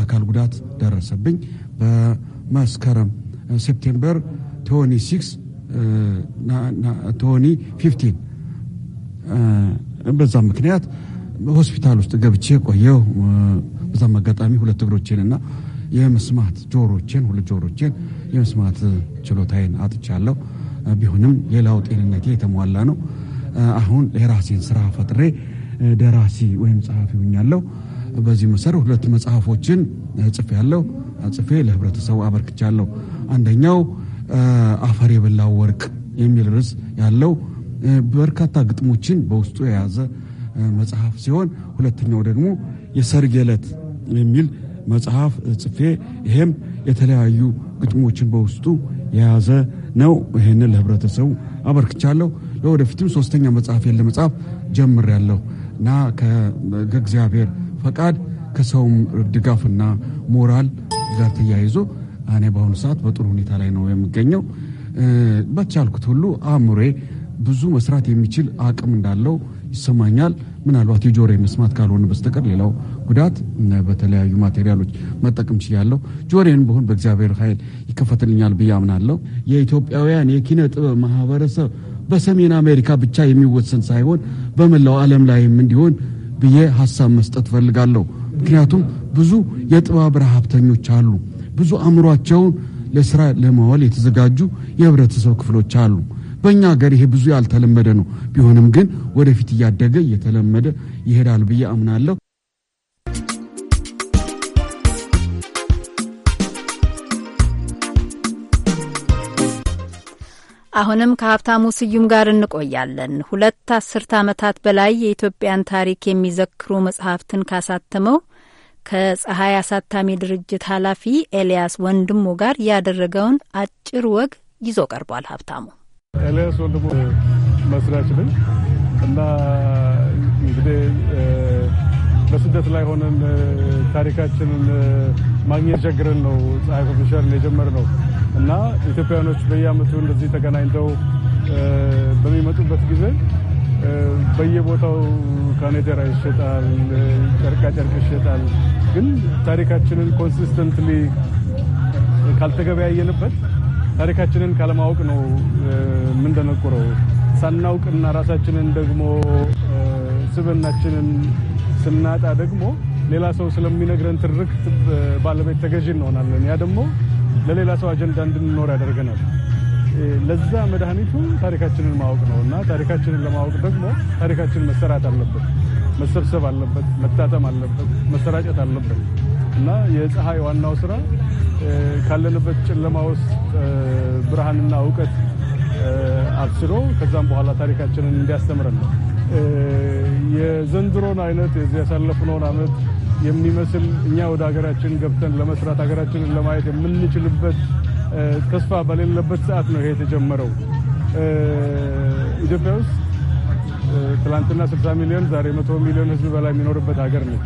አካል ጉዳት ደረሰብኝ። በመስከረም ሴፕቴምበር 26 ቶኒ ፊፍቲን በዛ ምክንያት ሆስፒታል ውስጥ ገብቼ ቆየው። በዛም አጋጣሚ ሁለት እግሮቼን እና የመስማት ጆሮቼን ሁለት ጆሮቼን የመስማት ችሎታዬን አጥቻለሁ። ቢሆንም ሌላው ጤንነቴ የተሟላ ነው። አሁን የራሴን ስራ ፈጥሬ ደራሲ ወይም ጸሐፊ ሆኛለሁ። በዚህ መሰረት ሁለት መጽሐፎችን ጽፌ ያለው ጽፌ ለህብረተሰቡ አበርክቻለሁ። አንደኛው አፈር የበላው ወርቅ የሚል ርዕስ ያለው በርካታ ግጥሞችን በውስጡ የያዘ መጽሐፍ ሲሆን ሁለተኛው ደግሞ የሰርግ ዕለት የሚል መጽሐፍ ጽፌ ይሄም የተለያዩ ግጥሞችን በውስጡ የያዘ ነው። ይህንን ለህብረተሰቡ አበርክቻለሁ። ለወደፊትም ሶስተኛ መጽሐፍ ጀምር ያለሁ እና ከእግዚአብሔር ፈቃድ ከሰውም ድጋፍና ሞራል ጋር ተያይዞ እኔ በአሁኑ ሰዓት በጥሩ ሁኔታ ላይ ነው የሚገኘው። በቻልኩት ሁሉ አእምሬ ብዙ መስራት የሚችል አቅም እንዳለው ይሰማኛል። ምናልባት የጆሮ መስማት ካልሆነ በስተቀር ሌላው ጉዳት በተለያዩ ማቴሪያሎች መጠቀም ችያለሁ። ጆሮን በሆን በእግዚአብሔር ኃይል ይከፈትልኛል ብዬ አምናለሁ። የኢትዮጵያውያን የኪነ ጥበብ ማህበረሰብ በሰሜን አሜሪካ ብቻ የሚወሰን ሳይሆን በመላው ዓለም ላይም እንዲሆን ብዬ ሀሳብ መስጠት ፈልጋለሁ። ምክንያቱም ብዙ የጥበብ ረሃብተኞች አሉ። ብዙ አእምሯቸውን ለስራ ለመዋል የተዘጋጁ የህብረተሰብ ክፍሎች አሉ። በእኛ ሀገር ይሄ ብዙ ያልተለመደ ነው። ቢሆንም ግን ወደፊት እያደገ እየተለመደ ይሄዳል ብዬ አምናለሁ። አሁንም ከሀብታሙ ስዩም ጋር እንቆያለን። ሁለት አስርት ዓመታት በላይ የኢትዮጵያን ታሪክ የሚዘክሩ መጽሐፍትን ካሳተመው ከፀሐይ አሳታሚ ድርጅት ኃላፊ ኤልያስ ወንድሙ ጋር ያደረገውን አጭር ወግ ይዞ ቀርቧል። ሀብታሙ ኤልያስ ወንድሙ መስራች ነኝ እና እንግዲህ በስደት ላይ ሆነን ታሪካችንን ማግኘት ቸግረን ነው ፀሐይ የጀመር ነው እና ኢትዮጵያውያኖች በየአመቱ እንደዚህ ተገናኝተው በሚመጡበት ጊዜ በየቦታው ካኔደራ ይሸጣል፣ ጨርቃጨርቅ ይሸጣል። ግን ታሪካችንን ኮንሲስተንትሊ ካልተገበያየንበት ታሪካችንን ካለማወቅ ነው የምንደነቁረው። ሳናውቅና ራሳችንን ደግሞ ስብናችንን ስናጣ ደግሞ ሌላ ሰው ስለሚነግረን ትርክት ባለቤት ተገዢ እንሆናለን። ያ ደግሞ ለሌላ ሰው አጀንዳ እንድንኖር ያደርገናል። ለዛ መድኃኒቱ ታሪካችንን ማወቅ ነው እና ታሪካችንን ለማወቅ ደግሞ ታሪካችን መሰራት አለበት፣ መሰብሰብ አለበት፣ መታተም አለበት፣ መሰራጨት አለበት እና የፀሐይ ዋናው ስራ ካለንበት ጨለማ ውስጥ ብርሃንና እውቀት አብስሮ ከዛም በኋላ ታሪካችንን እንዲያስተምረን ነው። የዘንድሮን አይነት የዚህ ያሳለፍነውን አመት የሚመስል እኛ ወደ ሀገራችን ገብተን ለመስራት ሀገራችንን ለማየት የምንችልበት ተስፋ በሌለበት ሰዓት ነው ይሄ የተጀመረው። ኢትዮጵያ ውስጥ ትላንትና 60 ሚሊዮን ዛሬ 100 ሚሊዮን ህዝብ በላይ የሚኖርበት ሀገር ነች።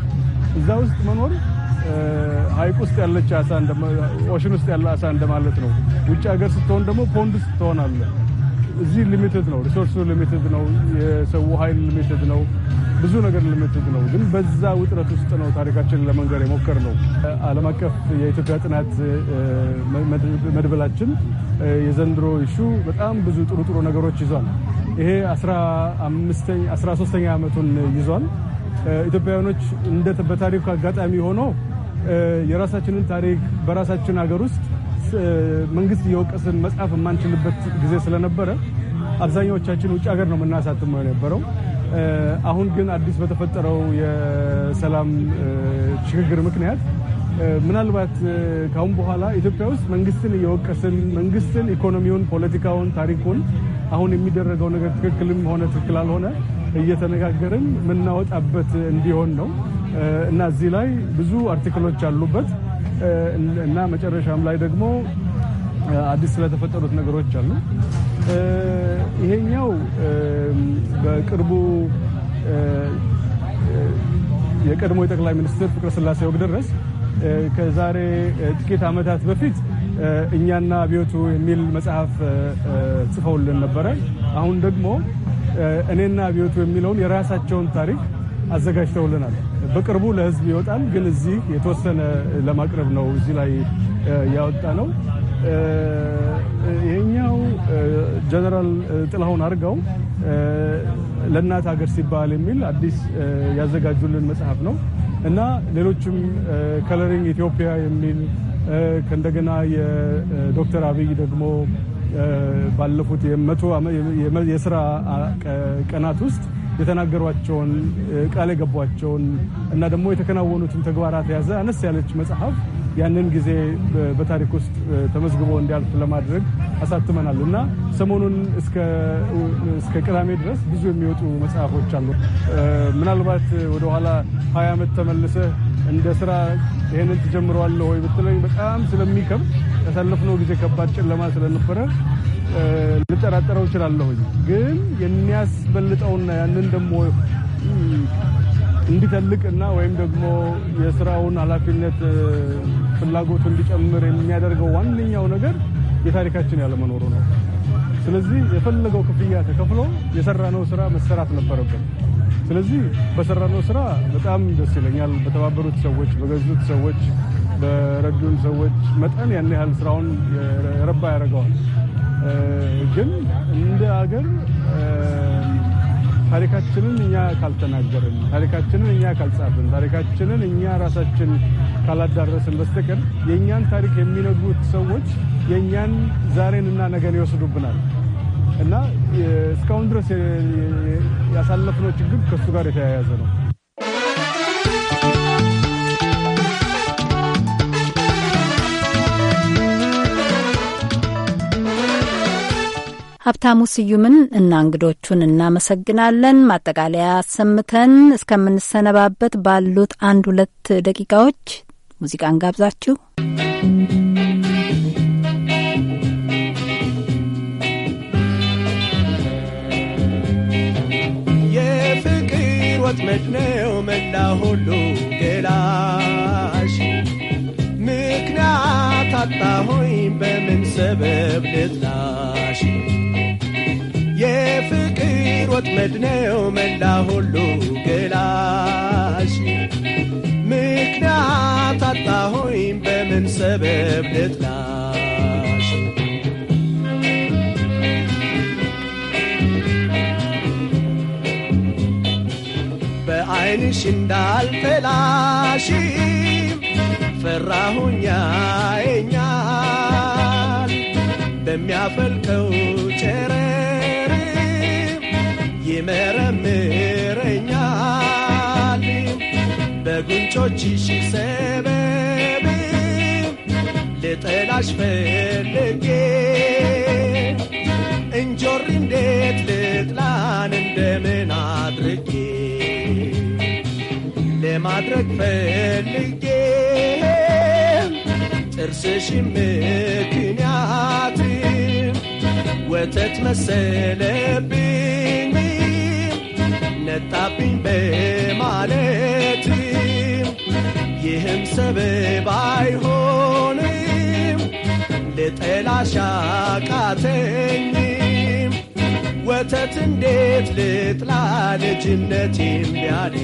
እዛ ውስጥ መኖር ሀይቅ ውስጥ ያለች አሳ ኦሽን ውስጥ ያለ አሳ እንደማለት ነው። ውጭ ሀገር ስትሆን ደግሞ ፖንድ ውስጥ ትሆናለህ። እዚህ ሊሚትድ ነው፣ ሪሶርሱ ሊሚትድ ነው፣ የሰው ኃይል ሊሚትድ ነው። ብዙ ነገር ልምትት ነው። ግን በዛ ውጥረት ውስጥ ነው ታሪካችን ለመንገር የሞከር ነው። ዓለም አቀፍ የኢትዮጵያ ጥናት መድበላችን የዘንድሮ ይሹ በጣም ብዙ ጥሩ ጥሩ ነገሮች ይዟል። ይሄ 13ተኛ ዓመቱን ይዟል። ኢትዮጵያውያኖች እንደ አጋጣሚ ሆኖ የራሳችንን ታሪክ በራሳችን ሀገር ውስጥ መንግስት እየወቀስን መጽሐፍ የማንችልበት ጊዜ ስለነበረ አብዛኛዎቻችን ውጭ ሀገር ነው የምናሳትመው የነበረው። አሁን ግን አዲስ በተፈጠረው የሰላም ሽግግር ምክንያት ምናልባት ካሁን በኋላ ኢትዮጵያ ውስጥ መንግስትን እየወቀስን መንግስትን፣ ኢኮኖሚውን፣ ፖለቲካውን፣ ታሪኩን አሁን የሚደረገው ነገር ትክክልም ሆነ ትክክል አልሆነ እየተነጋገርን የምናወጣበት እንዲሆን ነው እና እዚህ ላይ ብዙ አርቲክሎች አሉበት እና መጨረሻም ላይ ደግሞ አዲስ ስለተፈጠሩት ነገሮች አሉ ይሄኛው በቅርቡ የቀድሞ የጠቅላይ ሚኒስትር ፍቅረስላሴ ወግደረስ ከዛሬ ጥቂት ዓመታት በፊት እኛና አብዮቱ የሚል መጽሐፍ ጽፈውልን ነበረ። አሁን ደግሞ እኔና አብዮቱ የሚለውን የራሳቸውን ታሪክ አዘጋጅተውልናል። በቅርቡ ለሕዝብ ይወጣል። ግን እዚህ የተወሰነ ለማቅረብ ነው እዚህ ላይ ያወጣ ነው። ይሄኛው ጀነራል ጥላሁን አርጋው ለእናት ሀገር ሲባል የሚል አዲስ ያዘጋጁልን መጽሐፍ ነው እና ሌሎችም ከለሪንግ ኢትዮጵያ የሚል ከእንደገና የዶክተር አብይ ደግሞ ባለፉት የስራ ቀናት ውስጥ የተናገሯቸውን ቃል የገቧቸውን እና ደግሞ የተከናወኑትን ተግባራት የያዘ አነስ ያለች መጽሐፍ ያንን ጊዜ በታሪክ ውስጥ ተመዝግቦ እንዲያልፍ ለማድረግ አሳትመናል እና ሰሞኑን እስከ ቅዳሜ ድረስ ብዙ የሚወጡ መጽሐፎች አሉ። ምናልባት ወደኋላ ሀያ ዓመት ተመልሰ እንደ ስራ ይህንን ትጀምረዋለህ ወይ ብትለኝ በጣም ስለሚከብድ ያሳለፍነው ጊዜ ከባድ ጨለማ ስለነበረ ልጠራጠረው እችላለሁኝ። ግን የሚያስበልጠውና ያንን ደግሞ እንዲተልቅ እና ወይም ደግሞ የስራውን ኃላፊነት ፍላጎት እንዲጨምር የሚያደርገው ዋነኛው ነገር የታሪካችን ያለመኖሩ ነው። ስለዚህ የፈለገው ክፍያ ተከፍሎ የሰራነው ስራ መሰራት ነበረበት። ስለዚህ በሰራነው ስራ በጣም ደስ ይለኛል። በተባበሩት ሰዎች፣ በገዙት ሰዎች፣ በረዱን ሰዎች መጠን ያን ያህል ስራውን ረባ ያደርገዋል። ግን እንደ አገር ታሪካችንን እኛ ካልተናገርን፣ ታሪካችንን እኛ ካልጻፍን፣ ታሪካችንን እኛ ራሳችን ካላዳረስን በስተቀር የእኛን ታሪክ የሚነግሩት ሰዎች የእኛን እና ነገን ይወስዱብናል እና እስካሁን ድረስ ያሳለፍነው ችግር ከእሱ ጋር የተያያዘ ነው። ሀብታሙ ስዩምን እና እንግዶቹን እናመሰግናለን። ማጠቃለያ አሰምተን እስከምንሰነባበት ባሉት አንድ ሁለት ደቂቃዎች ሙዚቃን ጋብዛችሁ የፍቅር ወጥመድ ነው መላ ሁሉ ገላሽ ምክንያት አጣ በምን ሰበብ ልትላሽ የፍቅር ወጥመድ ነው መላ ሁሉ ገላሽ ምክንያት አጣሆይም በምን ሰበብ ልጥላሽ በአይንሽ እንዳልፈላሽ ፈራሁኛ የኛል በሚያፈልቀው ጨረ ይመረምረኛል በጉንጮችሽ ሰበብ ልጠላሽ ፈልጌ እንጆሪ እንዴት ልጥላን እንደምን አድርጌ ለማድረግ ፈልጌ ጥርስሽ ምክንያት ወተት መሰለብኝ በዛብኝ በማለት ይህም ሰበብ አይሆንም ልጠላሽ አቃተኝም ወተት እንዴት ልጥላ ልጅነት ቢያለ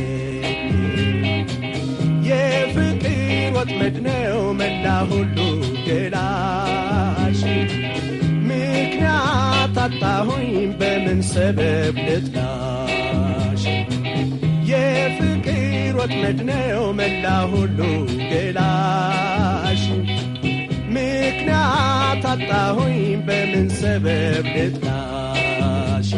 የፍቅር ወጥመድ ነው መላ ሁሉ ገላሽ ምክንያት አጣሁኝ በምን ሰበብ ልጥላ የፍቅር ወጥመድ ነው መላ ሁሉ ገላሽ ምክንያት አጣሁኝ በምን ሰበብ ልጣሽ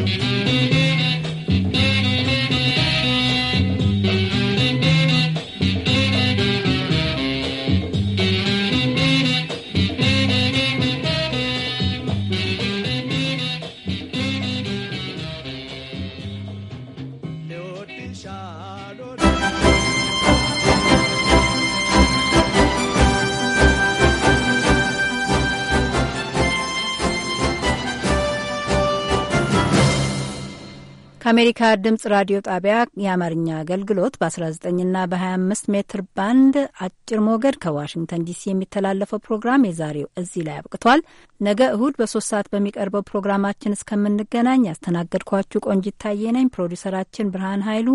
ከአሜሪካ ድምፅ ራዲዮ ጣቢያ የአማርኛ አገልግሎት በ19ና በ25 ሜትር ባንድ አጭር ሞገድ ከዋሽንግተን ዲሲ የሚተላለፈው ፕሮግራም የዛሬው እዚህ ላይ አብቅቷል። ነገ እሁድ በሶስት ሰዓት በሚቀርበው ፕሮግራማችን እስከምንገናኝ ያስተናገድኳችሁ ቆንጂት ታዬ ነኝ። ፕሮዲውሰራችን ብርሃን ኃይሉ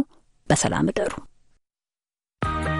በሰላም እደሩ።